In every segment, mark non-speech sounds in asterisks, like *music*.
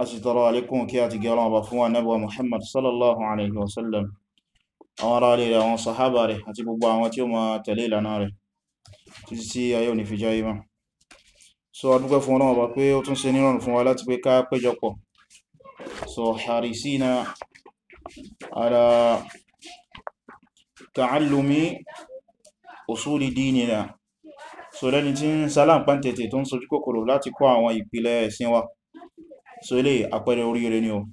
a sì tọrọ alékún kí a ti gẹ́ ọlọ́wọ́ fún wa nẹ́bọ̀ muhammad sallallahu alaihi wasallam àwọn ará rẹ̀ àwọn sahaba rẹ̀ àti gbogbo àwọn tí ó ma tẹ̀lé ìlànà rẹ̀ títí tí ayé òní fi jẹ́ imá so a dúpẹ́ fún ọlọ́wọ́ pé ó tún ṣe nírọ̀rùn ń sojú kòkòrò láti kọ́ àwọn ìpìlẹ̀ ẹ̀sìn wa so ilé àpẹẹrẹ oríire ni o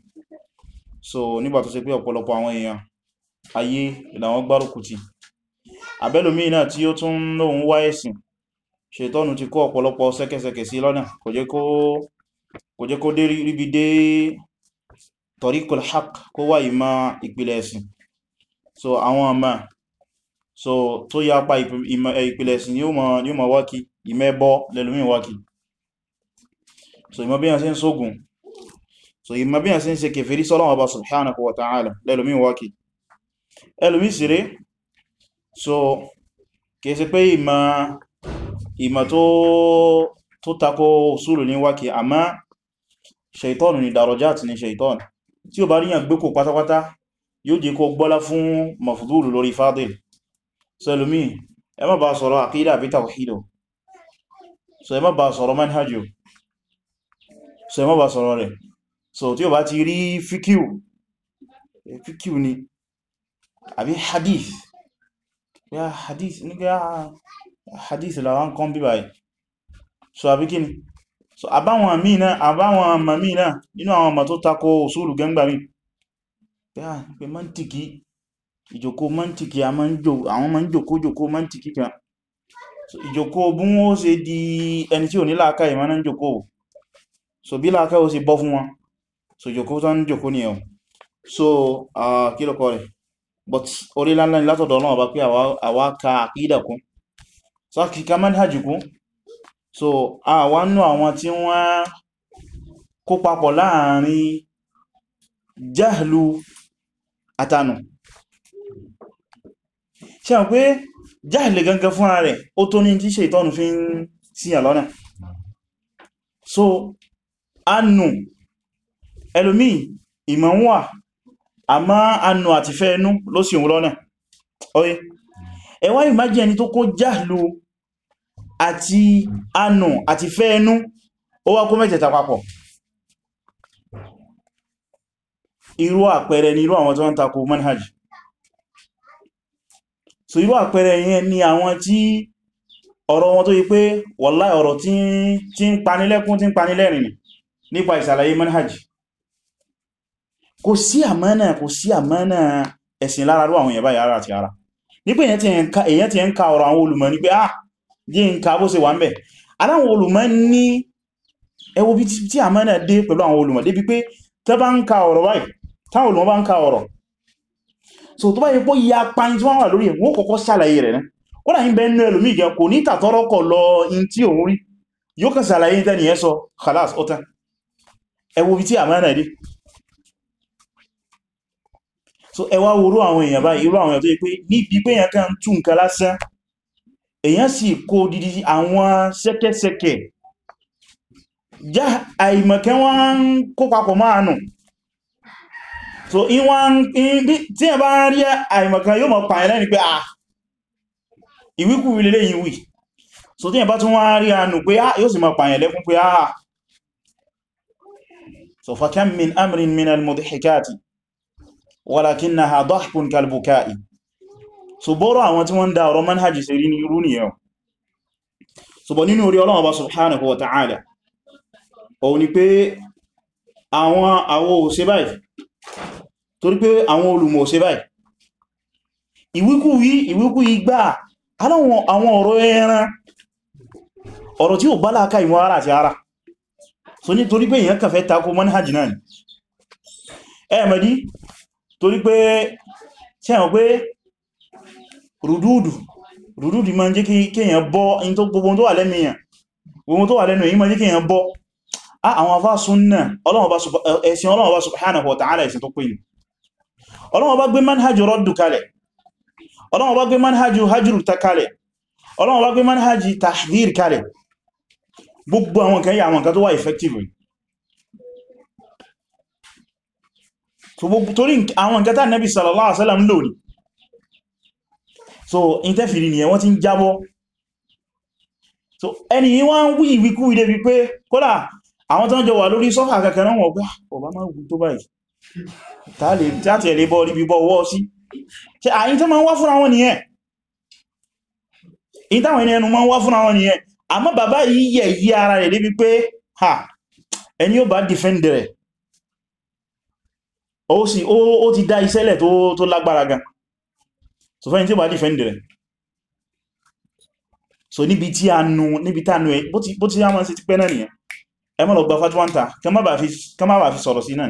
so nígbà tó ṣe pé ọ̀pọ̀lọpọ̀ àwọn èèyàn ayé ìlàwọn gbárùkùtì àbẹ́lòmí náà tí ó tún lóun wá ẹ̀sìn ṣètọ́nù ti kó ọ̀pọ̀lọpọ̀ sẹ́kẹsẹkẹ sí lọ́nà kò jẹ́ kó dé ríbi dé tọ̀ríkùl haq kó wá ìmá ìpìlẹ̀ ẹ̀sìn so àwọn ọmọ so tó yá apá ìpìlẹ̀ ẹ̀sìn ni ó mọ̀ wákí ìmẹ́bọ́ lẹ́lòmí wákí so ìmọ̀ bí yàn sí ń sógun so ìmọ̀ bí yàn sí ń ṣe kèfèrí sọ́lọ́wọ́ bá subhanahu wa ta'ala lẹ́lùmí wákì ẹlùmí sí rí so kìí sí pé ìmọ̀ tó takò usulu ní wákì àmá ṣeitọ́nù ni darajat ni ṣeitọ́nù tí ó bá ríyàn gbé kò pátápátá yóò jẹ́ kó gbọ́lá fún mafudulu lórí fadil so ẹlùmí ẹ má bá sọ̀rọ̀ àkídà àbí tawhido so ẹ má bá sọ̀rọ̀ manhajo so ẹ má bá sọ̀rọ̀ rẹ̀ so tí o bá ti rí fíkíù eh, fíkíù ni àbí hadith ya hadith ní pé hadith làwọn kan bí báyìí so àbí kí ni so àbáwọn àmì náà àbáwọn àmà mí náà nínú àwọn ọmọ tó takò òṣòlù gẹ́ngbà mi pé mọ́ntìkì ìjòkó mọ́ntìkì àwọn ma ń jòkó jòkó mọ́ntìkì kan ìjòkó bú wọ́n ó ṣe di ẹni tí ò ní láàká ìmọ́ jòkó so bí láàká ó ṣe bọ́ fún wọn so jòkó tán jòkó ní ẹ̀hùn so kí lọ́kọ́ rẹ̀ but orí lánlá ni látọ̀dọ̀ ọlọ́run ọba pé àwa ka àkídà kún so kí ká manhaj kún so àwa nú àwọn tí wọ́n kó papọ̀ láàrin jahlu àtanù ṣe hàn pé jahlu gangan fúnra rẹ̀ ó tó ní tí ṣe ìtọ́nù fi ń síyàn so anù ẹlòmíì ìmọ̀ ń wà àmọ́ anù àti fẹ́ ẹnu ló ṣì òun lọ́nà ọ̀yẹ́ ẹ wá imagine ẹni tó kó jahlu àti anù àti fẹ́ ẹnu ó wá kó mẹ́tẹ̀ẹ̀ta papọ̀ irú àpẹẹrẹ ni irú àwọn tó ń tako manhaj so irú àpẹẹrẹ yẹn ni àwọn tí ọ̀rọ̀ wọn tó yí pé wallahi ọ̀rọ̀ tí ń panilẹ́kún tí ń panilẹ́rìn nípa ìsàlàyé manhaj kò sí àmánà kò sí àmánà ẹ̀sìn lára rú àwọn ìyẹ̀bá yàrá àti ara ní pé ti ń ka ọ̀rọ̀ àwọn olùmọ̀ ní pé ah jí ń ka bó ṣe wà ń bẹ̀ aláwọn olùmọ̀ ní ẹwọ bí tí àmánà dé pẹ̀lú àwọn olùmọ̀ débi pé tẹ́ ń ka ọ̀rọ̀ báyìí ya pani tí wọ́n wà lórí ẹ̀wọ́n kọ́kọ́ ṣàlàyé rẹ̀ náà ó dà ń bẹ nú ẹlòmí ìgẹ kò ní tàtọ́rọ́kọ̀ khalas ọ̀tán ẹwọ bí tí àmánà so ẹ wá worú àwọn èèyàn báyìí irú àwọn èèyàn tó yẹ pé níbi pé èèyàn kan tún nǹkan lásán èèyàn sì kó didi àwọn ṣẹ́kẹ́ṣẹkẹ̀ já àìmọ̀kẹ́ wọ́n ń kó papọ̀ máa nù so tí ẹ bá ń rí àìmọ̀kẹ́ yóò mọ̀ pààyàn lẹ́ni pé à ìwíkù ilé yìí wì so tí ẹ bá tún wọ́n rí ànù pé yóò sì mọ̀ pààyàn lẹ́kún pé à so fakam min amrin min al-mudhikati walakinnaha dahkun kalbukai so bọ́rọ̀ àwọn tí wọ́n dá ọ̀rọ̀ manhajì sí rí ní irú ni yau so bọ̀ nínú orí Ọlọ́run Ọba subhanahu wa ta'ala ó ní pé àwọn àwọ òsè báyìí torí pé àwọn olùmọ̀ òsè báyìí ìwíkúwí ìwíkúwí gbá àwọn ọ̀rọ̀ ẹran ọ̀rọ̀ tí ó bá láàká ìwọ̀n ara àti ara so nítorí pé èyàn kàfẹ́ takó manhajì náà ni ẹ̀mẹ́dí torí pé ṣe hàn pé rùdúdù rùdúdù ma ń jẹ́ kí èyàn bọ́ in tó gbogbo tó wà lẹ́mìyàn gbogbo tó wà lẹ́nu èyí ma jẹ́ kí èyàn bọ́ àwọn afá súnnà ẹ̀sìn Ọlọ́run Ọba subhanahu wa ta'ala ẹ̀sìn tó pè ní Ọlọ́run Ọba gbé manhajù rọ́dù kalẹ̀ Ọlọ́run Ọba gbé so gbogbo torí àwọn nǹkan tá nẹ́bí sallallahu alaihi wasallam lórí so in tẹ́fìrí nìyẹn wọ́n ti ń jábọ́ so ẹni yí wọ́n ń wí ìwíkú ilé bí pé kódà àwọn tó ń jọ wà lórí sọ́fà kankan náà wọ́n gbá ah, ọba máa wù tó báyìí tààtì ẹ̀lẹ́ bọ́ rí bíbọ́ ọwọ́ sí ṣe àyí tó máa ń wá in táwọn ẹni ẹnu máa ń wá fún àwọn nìyẹn àmọ́ yóò bá defend rẹ̀ ó sì ó ti dá iṣẹ́lẹ̀ tó lágbára gan so fẹ́yìn tí bá dìfẹ́ndì rẹ̀ so níbi tí a nù níbi tí a nù ẹ bó ti yá mọ́ sí ti pẹ́ náà nìyẹn ẹ má lọ gba fatuwanta kẹ fi sọ̀rọ̀ sí náà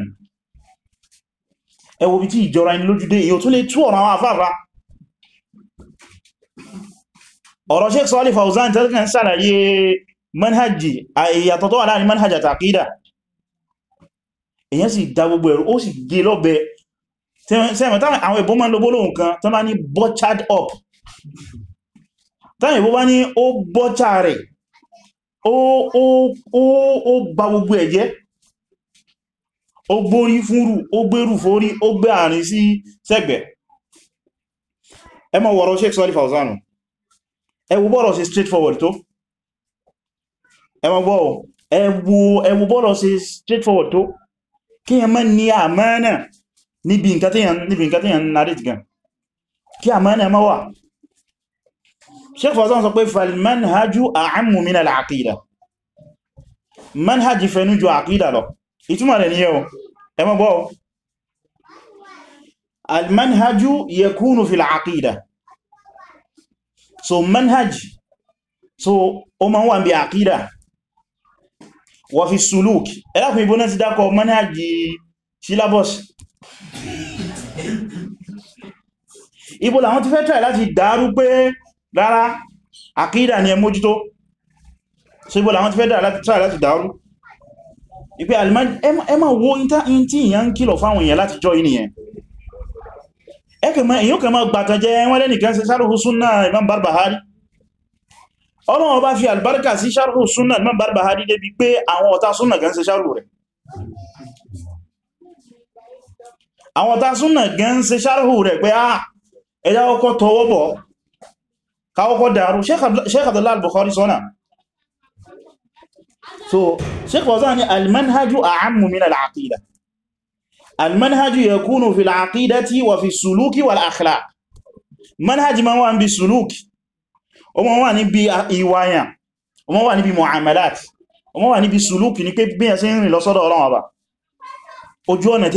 ẹ wo bí tí ìjọra ẹni lójúdé èyí tó lè tú ọ̀rọ̀ àwọn afáfá èyàn sì dá gbogbo ẹ̀rù ó sì gé e lọ́bẹ̀ sẹ́mọ̀ táwọn àwọn ìbọn máa ń lọ́gbọ́ lóhun kan tán bá ní butchered up táwọn ìbọn bá ní ó bọ́chá rẹ̀ ó ba gbogbo ẹ̀jẹ́ ó gbórí fúnrù ó gbérù fórí ó gbé àárín sí sẹ́gbẹ̀ ẹ mọ̀ wọ̀rọ̀ Sheikh Sọ́lí Fawzān ẹ wo bọ́rọ̀ sí straightforward tó ẹ mọ̀ bọ́ ẹ wo bọ́rọ̀ sí straightforward tó kí yẹn mọ́ ní àmánà níbi nǹkan tí yẹn narrate gan kí àmánà mọ́ wà Shaykh Fawzān sọ pé falmanhaju a'ammu min al-aqīdah manhajì fẹ́nu ju àkídà lọ ìtumọ̀ rẹ̀ níyẹ́ o ẹmọ́ bọ́ o al-manhaju yakunu fil aqīdah so manhaj so o ma wà bí àkídà wa fi suluk ẹlákùn ìbóná ti dákọ̀ manhaji syllabus ibo làwọn ti fẹ́ tẹ̀ láti dàrú pé rárá àkídà ni ẹ so ibo làwọn ti fẹ́ tẹ̀ láti dàrú ìpé alimani ẹ ma wo in tí ìyàn ń kìlọ̀ fáwọn èèyàn láti jọ ìnìyàn ẹkẹ̀mọ́ èyàn kẹ ma gbàtànjẹ́ wọ́n lẹ́nìkan ṣe sáré ọlọ́run bá fi albarka sí sharhu súnà náà bàbá ha dídé bí pé àwọn ọ̀tá súnà gan ṣe sharhu rẹ̀ àwọn ọ̀tá súnà gan ṣe sharhu rẹ̀ pé á ẹjá ọkọ̀ tọwọ́ bọ̀ káwọ́kọ́ dàrú Sheikh Abdullah al-Bukhari sọ́nà so Sheikh Fawzan ni al-manhaju a'ammu min manhaj man wa bi suluki ọmọ wà níbi ìwàyàn ọmọ wà níbi mu'amalat ọmọ wà níbi sùlúkì ní pé bíyàn sí rìn lọ́sọ́dọ̀ Ọlọ́run Ọba ojú ọ̀nà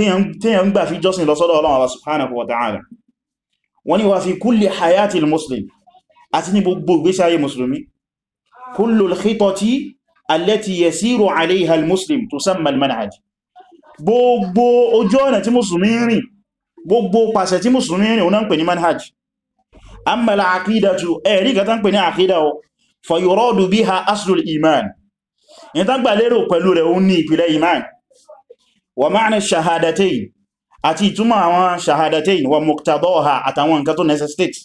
tíyàn gbà fi jọ́sìn lọ́sọ́dọ̀ Ọlọ́run Ọba subhanahu wa ta'ala wọ́n ni wà fi kulli hayati muslim àti ní gbogbo ìgbésí ayé musulmi kullu al-khitati allati yasiru alayha al-muslim tusamma amma al-aqidatu ẹ̀rí kan tán pè ní àkídà ọ fa yuradu biha aslul iman in tán gbà lérò pẹ̀lú rẹ̀ ó ní ìpìlẹ̀ iman wa ma'na shahadatayn àti ìtumọ̀ àwọn shahadatayn wa muqtadaha àtàwọn nǹkan tó necessitate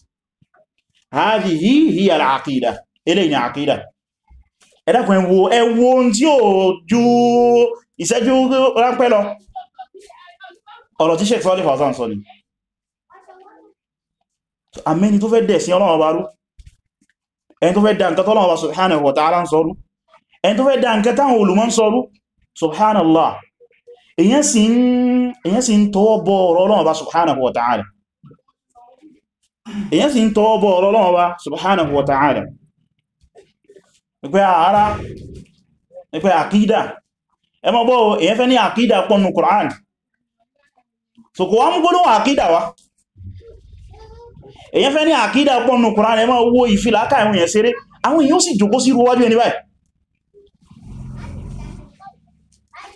hadhihi hiya al-aqida eléyìí ni àkídà ẹ̀dàkùn ẹwọ ẹwọ tí ó ju ìṣẹ́jú ránpẹ́ lọ ọ̀rọ̀ tí Shaykh Saalih Al Fawzān àmẹ́ni tó fẹ́ dẹ̀ sí ọlọ́run ọba rú ẹni tó fẹ́ dá nǹkan tọ́lọ́run ọba subhanahu wa ta'ala ń sọrú ẹni tó fẹ́ dá nǹkan táwọn olùmọ̀ ń sọrú subhanallah èyàn sì ń tọwọ́ bọ ọ̀rọ̀ ọlọ́run ọba subhanahu wa ta'ala èyàn sì ń tọwọ́ bọ ọ̀rọ̀ ọlọ́run ọba subhanahu wa èyàn fẹ́ ní àkídà pọ̀nù Kùránì ẹ máa wo ìfìlàkà àwọn èèyàn ṣeré àwọn èèyàn sì jòkó sí rúwájú ẹni báyìí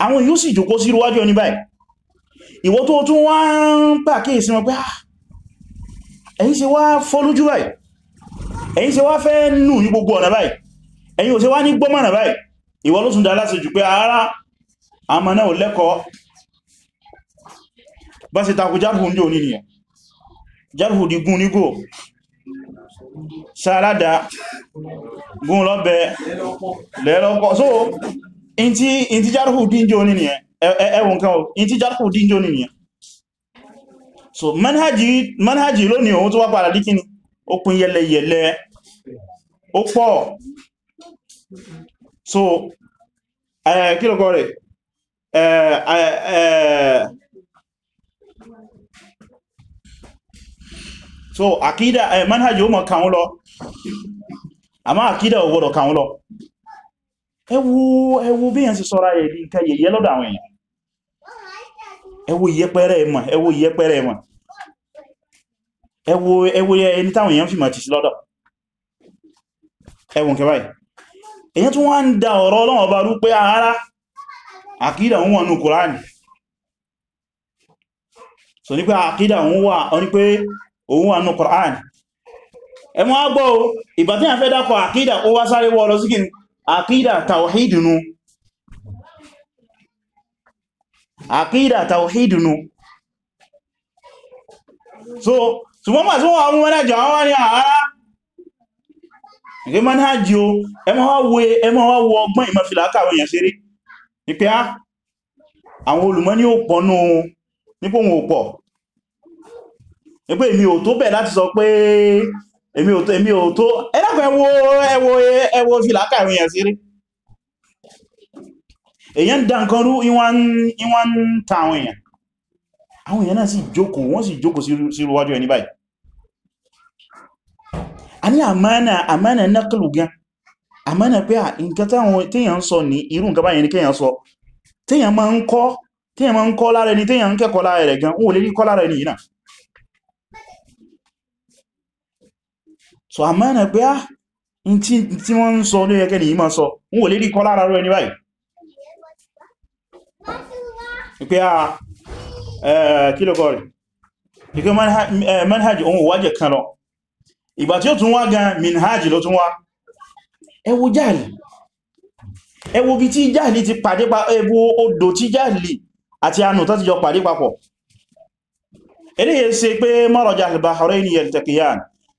àwọn èèyàn sì jòkó sí rúwájú ẹni báyìí ìwọ tó tún wá ń pàkíyèsí wọn pé ah, ẹ̀yin ṣe wá fọ́lújú báyìí ẹ̀yin ṣe wá fẹ́ nù ní gbogbo ọ̀nà báyìí ẹ̀yin ò ṣe wá ní gbọ́mọ̀nà báyìí ìwọ ló tún dá láti jù pé ara àmà náà lẹ́kọ̀ọ́ bá ṣe takùjá fún jò ní jarhu di gún nígò sáàládà gún lọ́bẹ̀ lẹ́lọ́pọ̀ so in ti jarhu dínjò ní nìyẹn ẹwùn kan in ti jarhu dínjò ní nìyẹn e. so manhaji manhaji lónìí òun tó wá padà díkíní ó pín yẹlẹyẹlẹ ó pọ̀ so eh, kí lọ́kọ́ rẹ̀ eh, eh, so akida ẹ̀ manhajì ó mọ̀ kàún lọ àmá àkídà ka gbọ́dọ̀ ewu ewu ẹ wò ẹ wò bí yẹn sì sọ́ra ẹ̀ ní nǹkan yẹ̀yẹ lọ́dọ̀ àwọn ewu ẹ wò ìyẹpẹrẹ ewu ẹ wò ìyẹpẹrẹ ẹ̀mọ̀ fi da ara àkídà so òun wà nù Qur'an ẹmọ́ agbọ́ ìgbà tí a fẹ́ dákọ̀ àkídà ó wá sáré wọ́ lọ àkídà tàwàhídùnú àkídà tàwàhídùnú so ṣùgbọ́n màá tí wọ́n àwọn mẹ́rẹ̀jọ àwọn ní àárá ẹgbẹ́ manhajì o ẹmọ́ wá wo ọgbọ́n ìmọ̀fìlàkà àwọn èèyàn ṣeré wọn ò pọ̀ pé èmi ò tó bẹ̀ láti sọ pé èmi ò tó ẹ̀dàkùn ẹwọ ẹwọ ẹwọ fìlàkà ìrìyàn sí rí èyàn dá nǹkan rú ìwọ̀n ta àwọn èèyàn àwọn èèyàn náà sì jókòó wọ́n sì jókòó sí rúwájú ẹni báyìí a ní ń kọ́ lára ẹni téèyàn ń kẹ́kọ̀ọ́ lára rẹ̀ gan ó lè rí kọ́ lára ẹni yìí náà so a mẹ́rin pé á ah, tí wọ́n ń sọ ní ẹgẹ́ ni ìmọ̀ sọ ń wò lè rí kọ́ lára ah, rẹ̀ ní báyìí pé á ìpé ohun wájẹ̀ kan lọ ìgbà tí ó tún wá gan minhaj ló tún wá ẹ ewu jáàlì ti ti pàdé pa ẹ odò tí jáàlì àti anù tó ti jọ pàdé papọ̀ eléyìí ṣe pé marajal bahrayni yaltaqiyan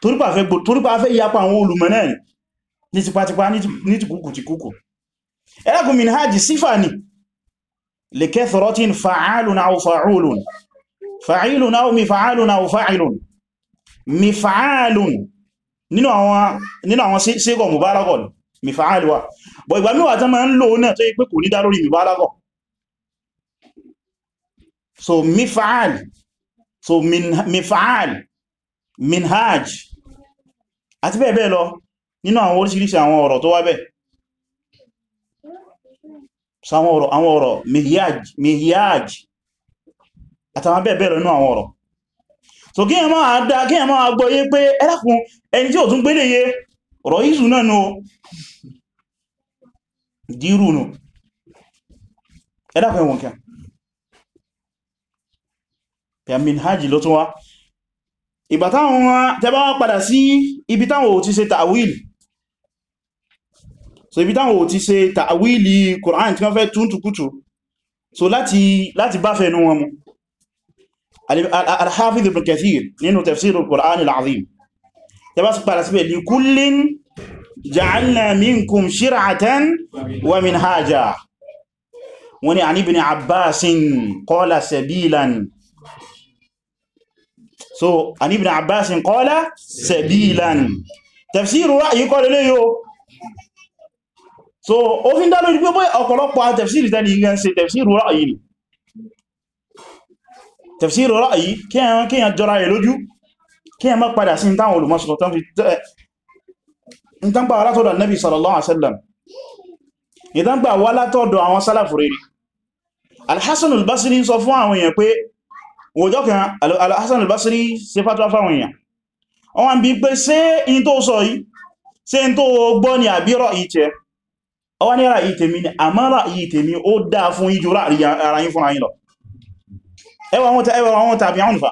torípa fẹ́ yapa àwọn olùmọ̀ náà ni ní tipatipa ní tìkúkù tìkúkù ẹlẹ́gùn min hajji sífà ni lè kẹ́fẹ̀rọ́ tí ń fa'alun aw fa'ulun fa'ilun aw mifa'alun aw fa'ilun mifa'alun nínú àwọn sígọ̀ mubálagọ̀ mifa'alwa bọ̀ ìgbà míwà tán máa ń so mifa'al so min mifa'al minhaj àti bẹ́ẹ̀ bẹ́ẹ̀ lọ nínú àwọn oríṣìíríṣìí àwọn ọ̀rọ̀ tó wá bẹ́ẹ̀ sáwọn ọ̀rọ̀ àwọn ọ̀rọ̀ mihiyaj àtàwọn bẹ́ẹ̀ lọ nínú àwọn ọ̀rọ̀ so kí ẹ máa dá kí ẹ máa gbọ́ pé ẹ́lákùn ẹni tí ò tún gbélé ìgbà táwọn wọn tẹbá wá padà sí ibi táwọn ò ti ṣe ta'wil so ibi táwọn ò ti ṣe ta'wili Qur'an tí wọ́n fẹ́ túntukútù so láti láti bá fẹ́ nú wọn mu al-Hafiz ibn Kathir nínú tafsir wani an ibn Abbasin qala sabilan so an ibn abbas qala sabilan tafsiru ra'yi ko lele so o fin da lo pe boy ọ̀pọ̀lọpọ̀ tafsir ta ni gan ṣe tafsiru ra'yi ni tafsiru ra'yi ke an ke an jọra ye lójú ke an má padà sin tawon olùmọ̀ so tan fi ntan pa ara to da nabi sallallahu alaihi wasallam idan gba wala to do àwọn salafu rere al-hasan al-basri sọ fún àwọn òjò kan al-Hasan al-Basri ṣe fatwa fáwọn èèyàn wọ́n wá ń bi pé ṣé in tó sọ yìí ṣé in tó gbọ́ ni àbí ra'yi tẹ́ ọwá ní ra'yi tèmi ni àmọ́ ra'yi tèmi ó dáa fún yín ju ara yín fún ayín lọ ẹwà wọn tabi'un fa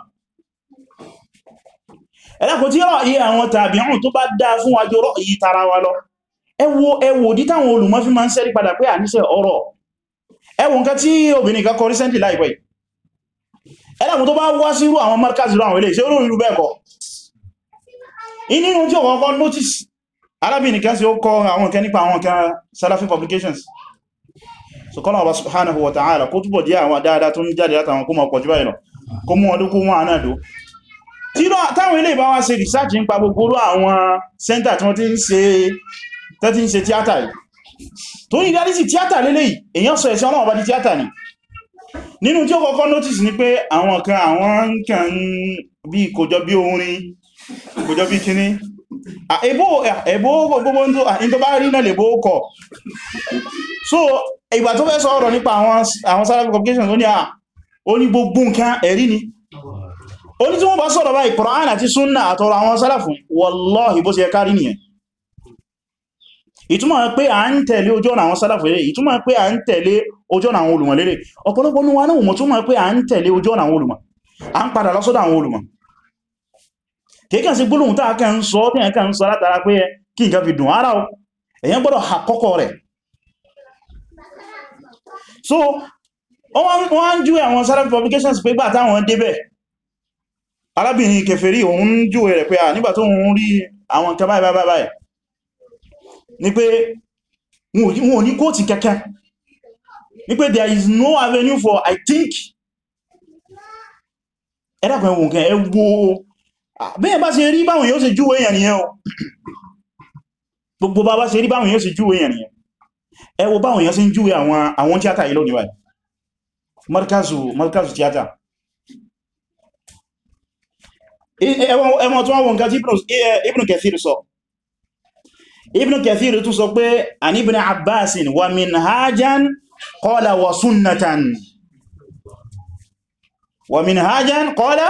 ẹlẹ́kùn tí ra'yi àwọn tabi'un tó bá dáa fún wa ju ra'yi tara wa lọ ẹwọ ẹwọ dí táwọn olùmọ́ fi máa ń sẹ́rí padà pé à níṣẹ́ ọ̀rọ̀ ẹwọ nǹkan tí obìnrin kan kọ recently láìpẹ́ ẹlẹ́mù tó bá wá sí irú àwọn markaz irú àwọn ilé ṣe olóòrùn irú bẹ́ẹ̀ kọ́ inú tí ó kọ́kọ́ notice arábìnrin kan sí ó kọ́ àwọn kẹ́ nípa àwọn kan salafi publications so kọ́nà ọba subhanahu wa ta'ala kó túbọ̀ jẹ́ àwọn dáadáa tó ń jáde látàwọn kó mọ̀ pọ̀ jù báyìí lọ kó mú ọdún kó mú àná dò tí táwọn ilé ìbáwá ṣe research nípa gbogbo àwọn center tí wọ́n ti ń ṣe tẹ́tí ń ṣe tíátà yìí tó ní ìdárísì tíátà lélẹ́yìí èèyàn sọ ẹ̀sẹ̀ ọlọ́run ọba di nínú tí ó kọ́kọ́ notice ni pé àwọn kan àwọn nǹkan bí kòjọ bí orin kòjọ bí kíní ẹ̀bọ́ gbogbo ní tó bá rí náà lè bó kọ̀ so ìgbà tó fẹ́ sọ ọ̀rọ̀ nípa àwọn Salafi communications ó ní à ó ní gbogbo nǹkan ẹ̀rí ni ó ní tí wọ́n bá sọ̀rọ̀ báyìí Qur'an àti Sunnah àtọ̀rọ̀ àwọn Salafi wallahi bó ṣe kárí nìyẹn ìtumọ̀ pé a ń tẹ̀lé ojú ọ̀nà àwọn sálàfù lélẹ̀ ìtumọ̀ pé a ń tẹ̀lé ojú ọ̀nà àwọn olùmọ̀ lélẹ̀ ọ̀pọ̀lọpọ̀ ní wa náà mọ̀ túnmọ̀ pé à ń tẹ̀lé ojú ọ̀nà àwọn olùmọ̀ a ń padà lọ́sọ́dọ̀ àwọn olùmọ̀ kìíkà sí gbólóhùn tàà kẹ́ ń fi so wọ́n ń júwe àwọn Salafi publications pé gbà táwọn ní pé wọn ò ní kóòtì kẹ́kẹ́ ní pé there is no avenue for I think ẹ̀dàkùn ẹwọ nǹkan ẹwọ bẹ́ẹ̀ bá ṣe rí báwọn yóò ṣe júwé èèyàn nìyẹn o gbogbo bá bá ṣe rí báwọn yóò ṣe júwé èèyàn nìyẹn ẹwọ báwọn yóò ṣe ń júwé àwọn tíátà yìí lónìí báyìí markazu markazu tíátà ẹwọ tó wọ́n nǹkan tí Ibn Kathir sọ ibn kathir tún sọ pé an ibn abbasin wa minhajan qala wa sunnatan wa minhajan qala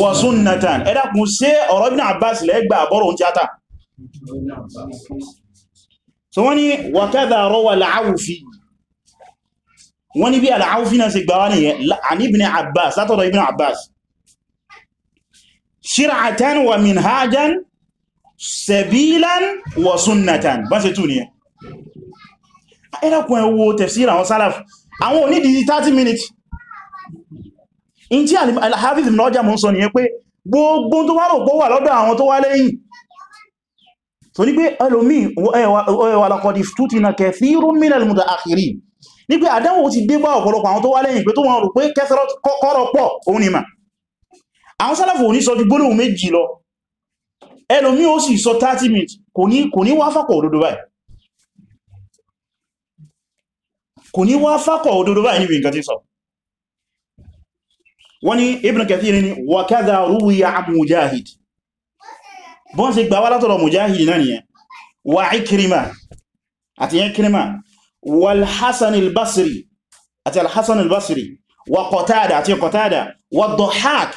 wa sunnatan ẹ̀dà kún sí ọ̀rọ̀ ibn abbas lẹ́gbà àbọ̀rọ̀ tíátà so wọ́n ni wa kadha rawa al-awfi wọ́n ni bí al-awfi náà sì gbáwá nìyẹn sẹ̀bílán wọ̀ súnnàtàn bá ṣe tù ní ẹ ẹ̀rẹ́kùn ẹ wo tafsir àwọn salaf àwọn onídìí 30 minutes in tí al-Hafiz ibn Rajab mọ́ sọ ní ẹ pé gbogbo tó wá rògbó wà lọ́dọ̀ àwọn tó wá lẹ́yìn tó ní pé ẹlòmí wa laqad iftutina kathirun minal muta'akhirin ní pé àdánwò ti dé bá ọ̀pọ̀lọpọ̀ àwọn tó wá lẹ́yìn pé tó wọ́n rò pé kẹ́sẹ̀rọ kọ́rọ̀ pọ̀ òun ni mà àwọn sálàfò ní sọ ju gbólóhùn méjì lọ ẹlòmí ó sì sọ 30 minutes kò ní kò ní wá fàkọ̀ òdodo báyìí kò ní wá fàkọ̀ òdodo báyìí níbi nǹkan tí sọ wọ́n ní Ibn Kathir ní wàkádà rúwìyà Mujahid bọ́n sì gbà wá látọ̀rọ̀ Mujahid náà nìyẹn wà Ikrima àti Ikrima wal-Hasan al-Basri àti àti Qatada wà Dhahhak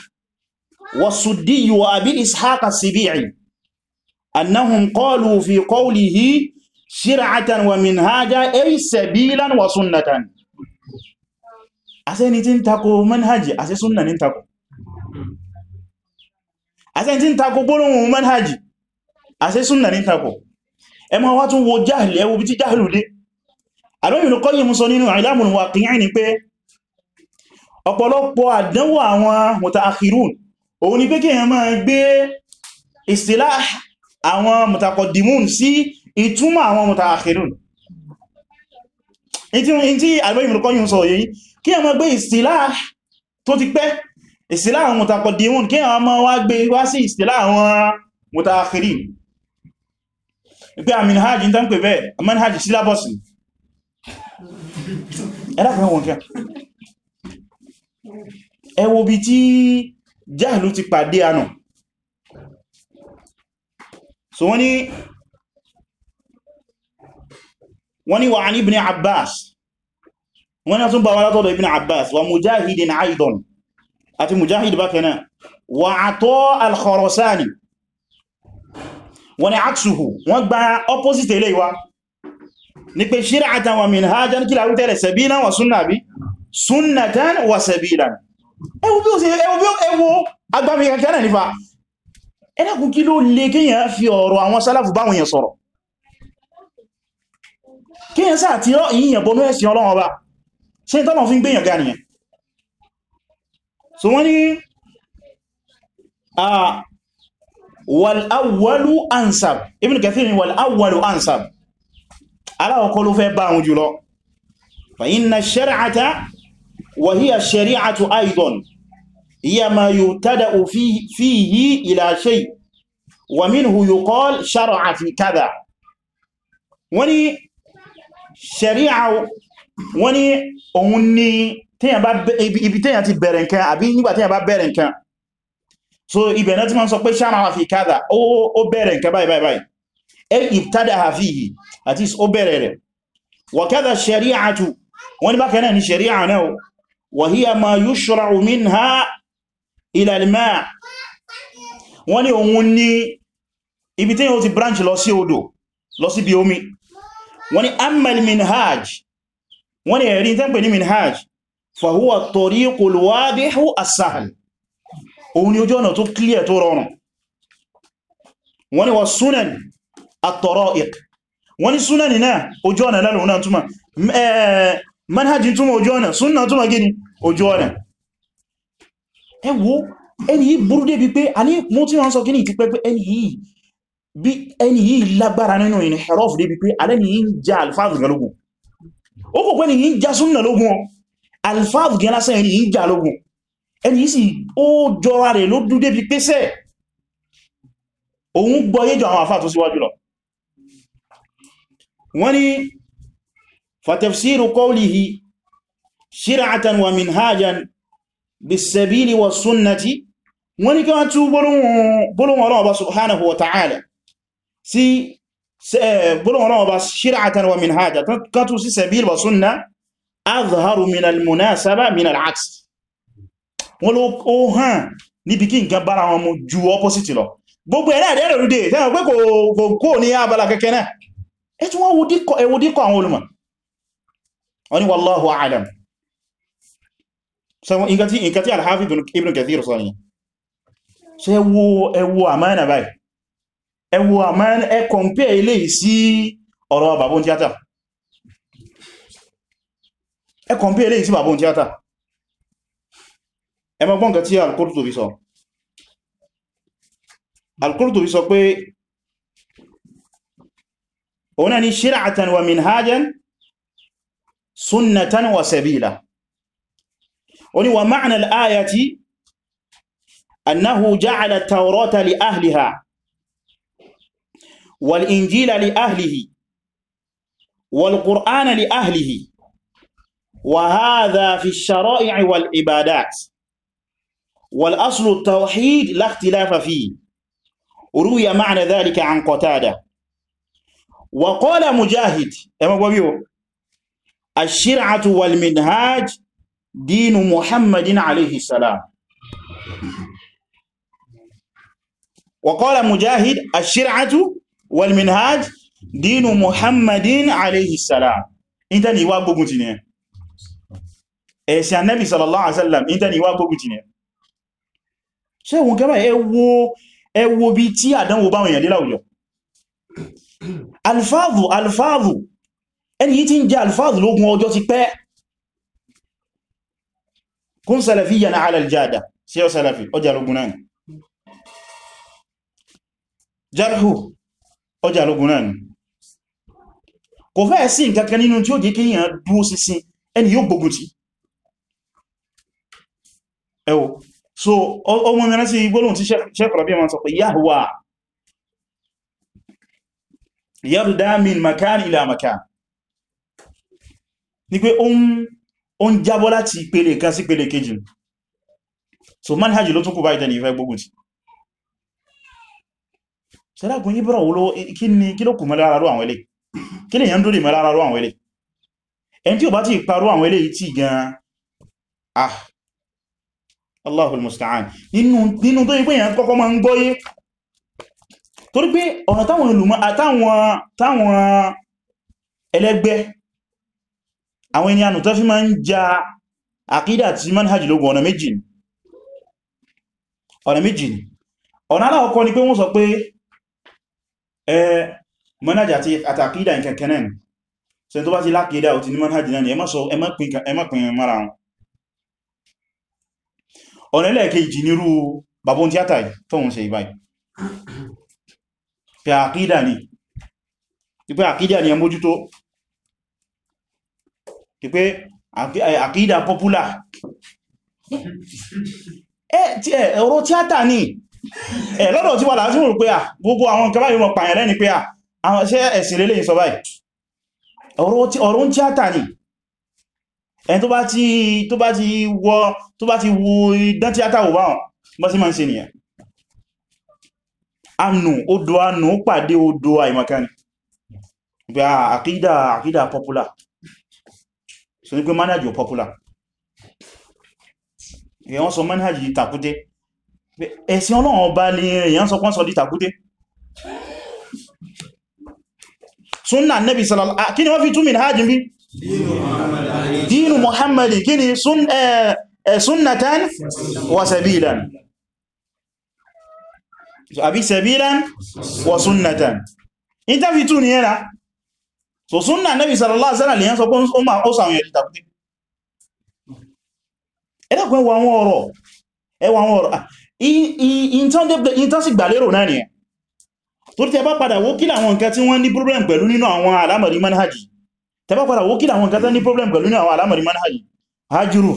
wà Suddi wà Abi Ishaq as annahum qalu fi qawlihi shir'atan wa minhaja ay sabilan wa sunnatan asẹni tí ń tako manhaji asẹ sunna ní tako asẹni tí ń tako gbólóhùn manhaji asẹ sunna ní tako ẹ ma wá tún wo jahil ẹwọ bí tí jahilu dé àdọ́bìnrin kọ́yí mú sọ nínú I'lamul Waqi'in ni pé ọ̀pọ̀lọpọ̀ àdánwò àwọn mutaakhirun òun ni pé kí èèyàn máa istilah àwọn mutakọ̀dìmún sí ìtumọ̀ àwọn mutaakhirun tí àgbẹ́ ìmìnkọ́ yìí ń sọ yìí kí a máa gbé ìsìlá tó ti pẹ́ ìsìlá àwọn mutakọ̀dìmún kí a máa wá gbé wá sí ìsìlá àwọn mutaakhirin pé àmìn hajj ń tán pè bẹ́ẹ̀ àmìn hajj sílábọ̀sì ẹ̀dàkùnrin wọn so wọ́n ni wọ́n ni wà ní ibn abbas wọ́n ni a tún bá wọ́n látọ̀dọ̀ ibn abbas wa mujahidin aidan àti mujahid bákaná wa àtọ́ al-khorasani wọ́n ni aksuhu wọ́n gba opposite ilé wa ní pé shir'atan wa minhajan kí láwú tẹ́lẹ̀ sabilan wa sunna bi sunnatan wa sabilan ẹwọ bí ó ṣe ẹwọ agbámi kankanáà nífà ẹ̀dàkùn kí ló lè kíyàn fi ọ̀rọ̀ àwọn sálàfù báwọn yẹn sọ̀rọ̀ kíyàn sáà tí ó ìyìyàn bọnú ẹ̀sìn Ọlọ́run Ọba ṣe tọ́nà fi ń gbèyàn gá nìyàn so wọ́n ni a wàláwàlú ansab Ibn Kathir ni wàláwàlú ansab هي ما يبتدأ فيه, فيه إلى شيء ومنه يقال شرع في كذا وني شريعة وني أوني téèyàn bá ibi téèyàn ti bẹ̀rẹ̀ nǹkan àbí nígbà téèyàn bá bẹ̀rẹ̀ nǹkan so ibẹ̀ náà tí wọ́n sọ pé ṣára wà fi kádà ó bẹ̀rẹ̀ nǹkan báyìí báyìí ẹ ìbtádà àfihì àti ó bẹ̀rẹ̀ rẹ̀ wa kadha shari'atu wọ́n ni bákan náà ni shari'a náà wa hiya ma yushra'u minha ila al-ma' wọ́n ní òun ní ibi tí yóò ti branch lọ sí odò lọ sí bí omi wọ́n ní amma al-minhaj wọ́n ní ẹ̀rí tẹ́ pẹ̀ ní minhaj fa huwa at-tariqu al-wadihu as-sahl òun ni ojú ọ̀nà tó clear tó rọrùn wọ́n ní wa sunan at-tara'iq wọ́n ní sunan náà ojú ọ̀nà lálùn náà túnmà manhajin túnmà ojú ọ̀nà sunan túnmà gini ojú ọ̀nà ẹ wo ẹni yìí burú débi pé a ní mú tí wọ́n sọ kí ní ìtí pẹ́ pé ẹni yìí bí ẹni yìí lágbára nínú ìní ẹ̀rọ́fù débi pé alẹ́ni yìí ń já alfáàfù gan lógún ó kò pẹ́ ni yìí ń já súnnà lógún ọ alfáàfù gan lásán ẹni yìí ń já bisabili wa sunnati wọ́n ní kí wọ́n tú gbólóhùn ọlọ́wọ́ bá subhanahu wa ta'ala sí gbólóhùn ọlọ́wọ́ bá shir'atan wa minhaja kan tú sí sabil wa sunna azharu min almunasaba min al'aks wọ́n ló ó hàn níbi kí nǹkan bára wọn mú ju opposite lọ gbogbo ẹ̀rẹ́ àdẹ́rẹ̀ rúdé tẹ́wọ̀n pé so nǹkan tí nǹkan tí al-Hafidh Ibn Kathir sọ ni so ẹwọ ẹwọ àmánà báyìí ẹwọ àmánà ẹ kọmpẹ́ ilé sí ọ̀rọ̀ bàbọn tíátà ẹ kọmpẹ́ ilé sí bàbọn tíátà ẹ mọ́ gbọ́nkà tí al sọ al sọ pé òun náà ni shir'atan wa minhajan sunnatan wa sabila ó ní wa ma'na al-ayati annahu ja'ala at-taurata li ahliha wal injila li ahlihi wal qur'ana li ahlihi wa hadha fi ash-shara'i' wal ibadat wal aslu at-tawhid la ikhtilafa fihi روي معنى ذلك عن قتادة وقال مجاهد أما بابيو الشرعة والمنهاج dínú muhammadin alayhi salam wa qala mujahid ash-shir'atu wal minhaj dínú muhammadin alayhi salam ìtàni ìwà gbógun ti ní e. ẹ̀sìn annabi sallallahu alaihi wasallam ìtàni ìwà gbógun ti ní ṣe wọn gẹ́bà ẹ wo bí tí àdánwò báwọn èèyàn dé láwùjọ alfáàzù alfáàzù ẹni yìí ti ń jẹ alfáàzù lógún ọjọ́ ti pẹ́ kún salafiyan na alaljada sí ọ salafi ọjà lógún náà jarhu ọjà lógún náà kò fẹ́ sí nǹkankan nínú tí ó jẹ́ kí yàn dúó sísin ẹni yóò gbógun ti ẹwọ so ọmọ mẹ́rin sí gbólóhùn tí Shaykh Rabi' ma sọ pé ó ń jábọ́ láti ìpele kan sí ìpele kejì so manhaj ló tún kú báyìí tẹni ìfẹ́ gbógun ti sẹ́lágun yíbọ̀rọ̀ wó ló kí ló kù mẹ́lá ara rú àwọn ilé kí lè yàn dúró mẹ́lá ara rú àwọn ilé ẹni tí ó bá ti parú àwọn ilé tí gan ah Allahul musta'an nínú tó àwọn ẹni ànù tó fi máa ń ja àkídà àti manhaj lógún ọ̀nà méjì ni ọ̀nà méjì ni ọ̀nà aláwọ̀kọ́ ni pé wọ́n sọ pé ẹ manhaj àti àkídà nkẹ̀kẹ́ náà ṣe tó bá ti lákídà ò ti ní manhaj náà ni ẹ àkídà ni ẹ ti pé eh, àkídà popular ẹ eh, tí ẹ eh, ọ̀rọ̀ tíátà ní ẹ lọ́dọ̀ tí wà láti mú pé à gbogbo àwọn nǹkan báyìí mọ̀ pààyàn lẹ́ni pé à àwọn ṣẹ́ ẹ̀sìn lélẹ̀ ìsọ báyìí ọ̀rọ̀ tíátà ní ẹ tó bá ti tó bá ti wọ tó bá ti wo idán tíátà wò báwọn bọ́ sí máa ń ṣe nìyàn anù odò anù pàdé odò àìmọ̀kan ni pé àkídà àkídà popular so ní pé manhaj ò popular èyàn sọ manhaj di tàkúté ẹ̀sìn ọlọ́run ọba ni èyàn sọ pọ́n sọ di tàkúté Sunna Nabi sallallahu kí ni wọ́n fi tún minhaj bí dínú muhammadi kí ni eh, eh, sunnatan wa sabilan àbí sabilan wa sunnatan in ta fi tún ni yẹ́ra so súnnà nabi sallallahu alaihi wasallam lèyàn sọ pé ó máa ó sàwọn ẹ̀rí tàbí ẹ̀dàkùn ẹwà àwọn ọ̀rọ̀ ẹwà àwọn ọ̀rọ̀ ìntánṣì ah, gbàlérò náà nìyẹn torí tẹ bá padà wó kí làwọn nǹkan tí wọ́n ní problem pẹ̀lú nínú àwọn alámọ̀rí manhaji tẹ bá padà wó kí làwọn nǹkan tí wọ́n problem pẹ̀lú nínú àwọn alámọ̀rí manhaji hajjuru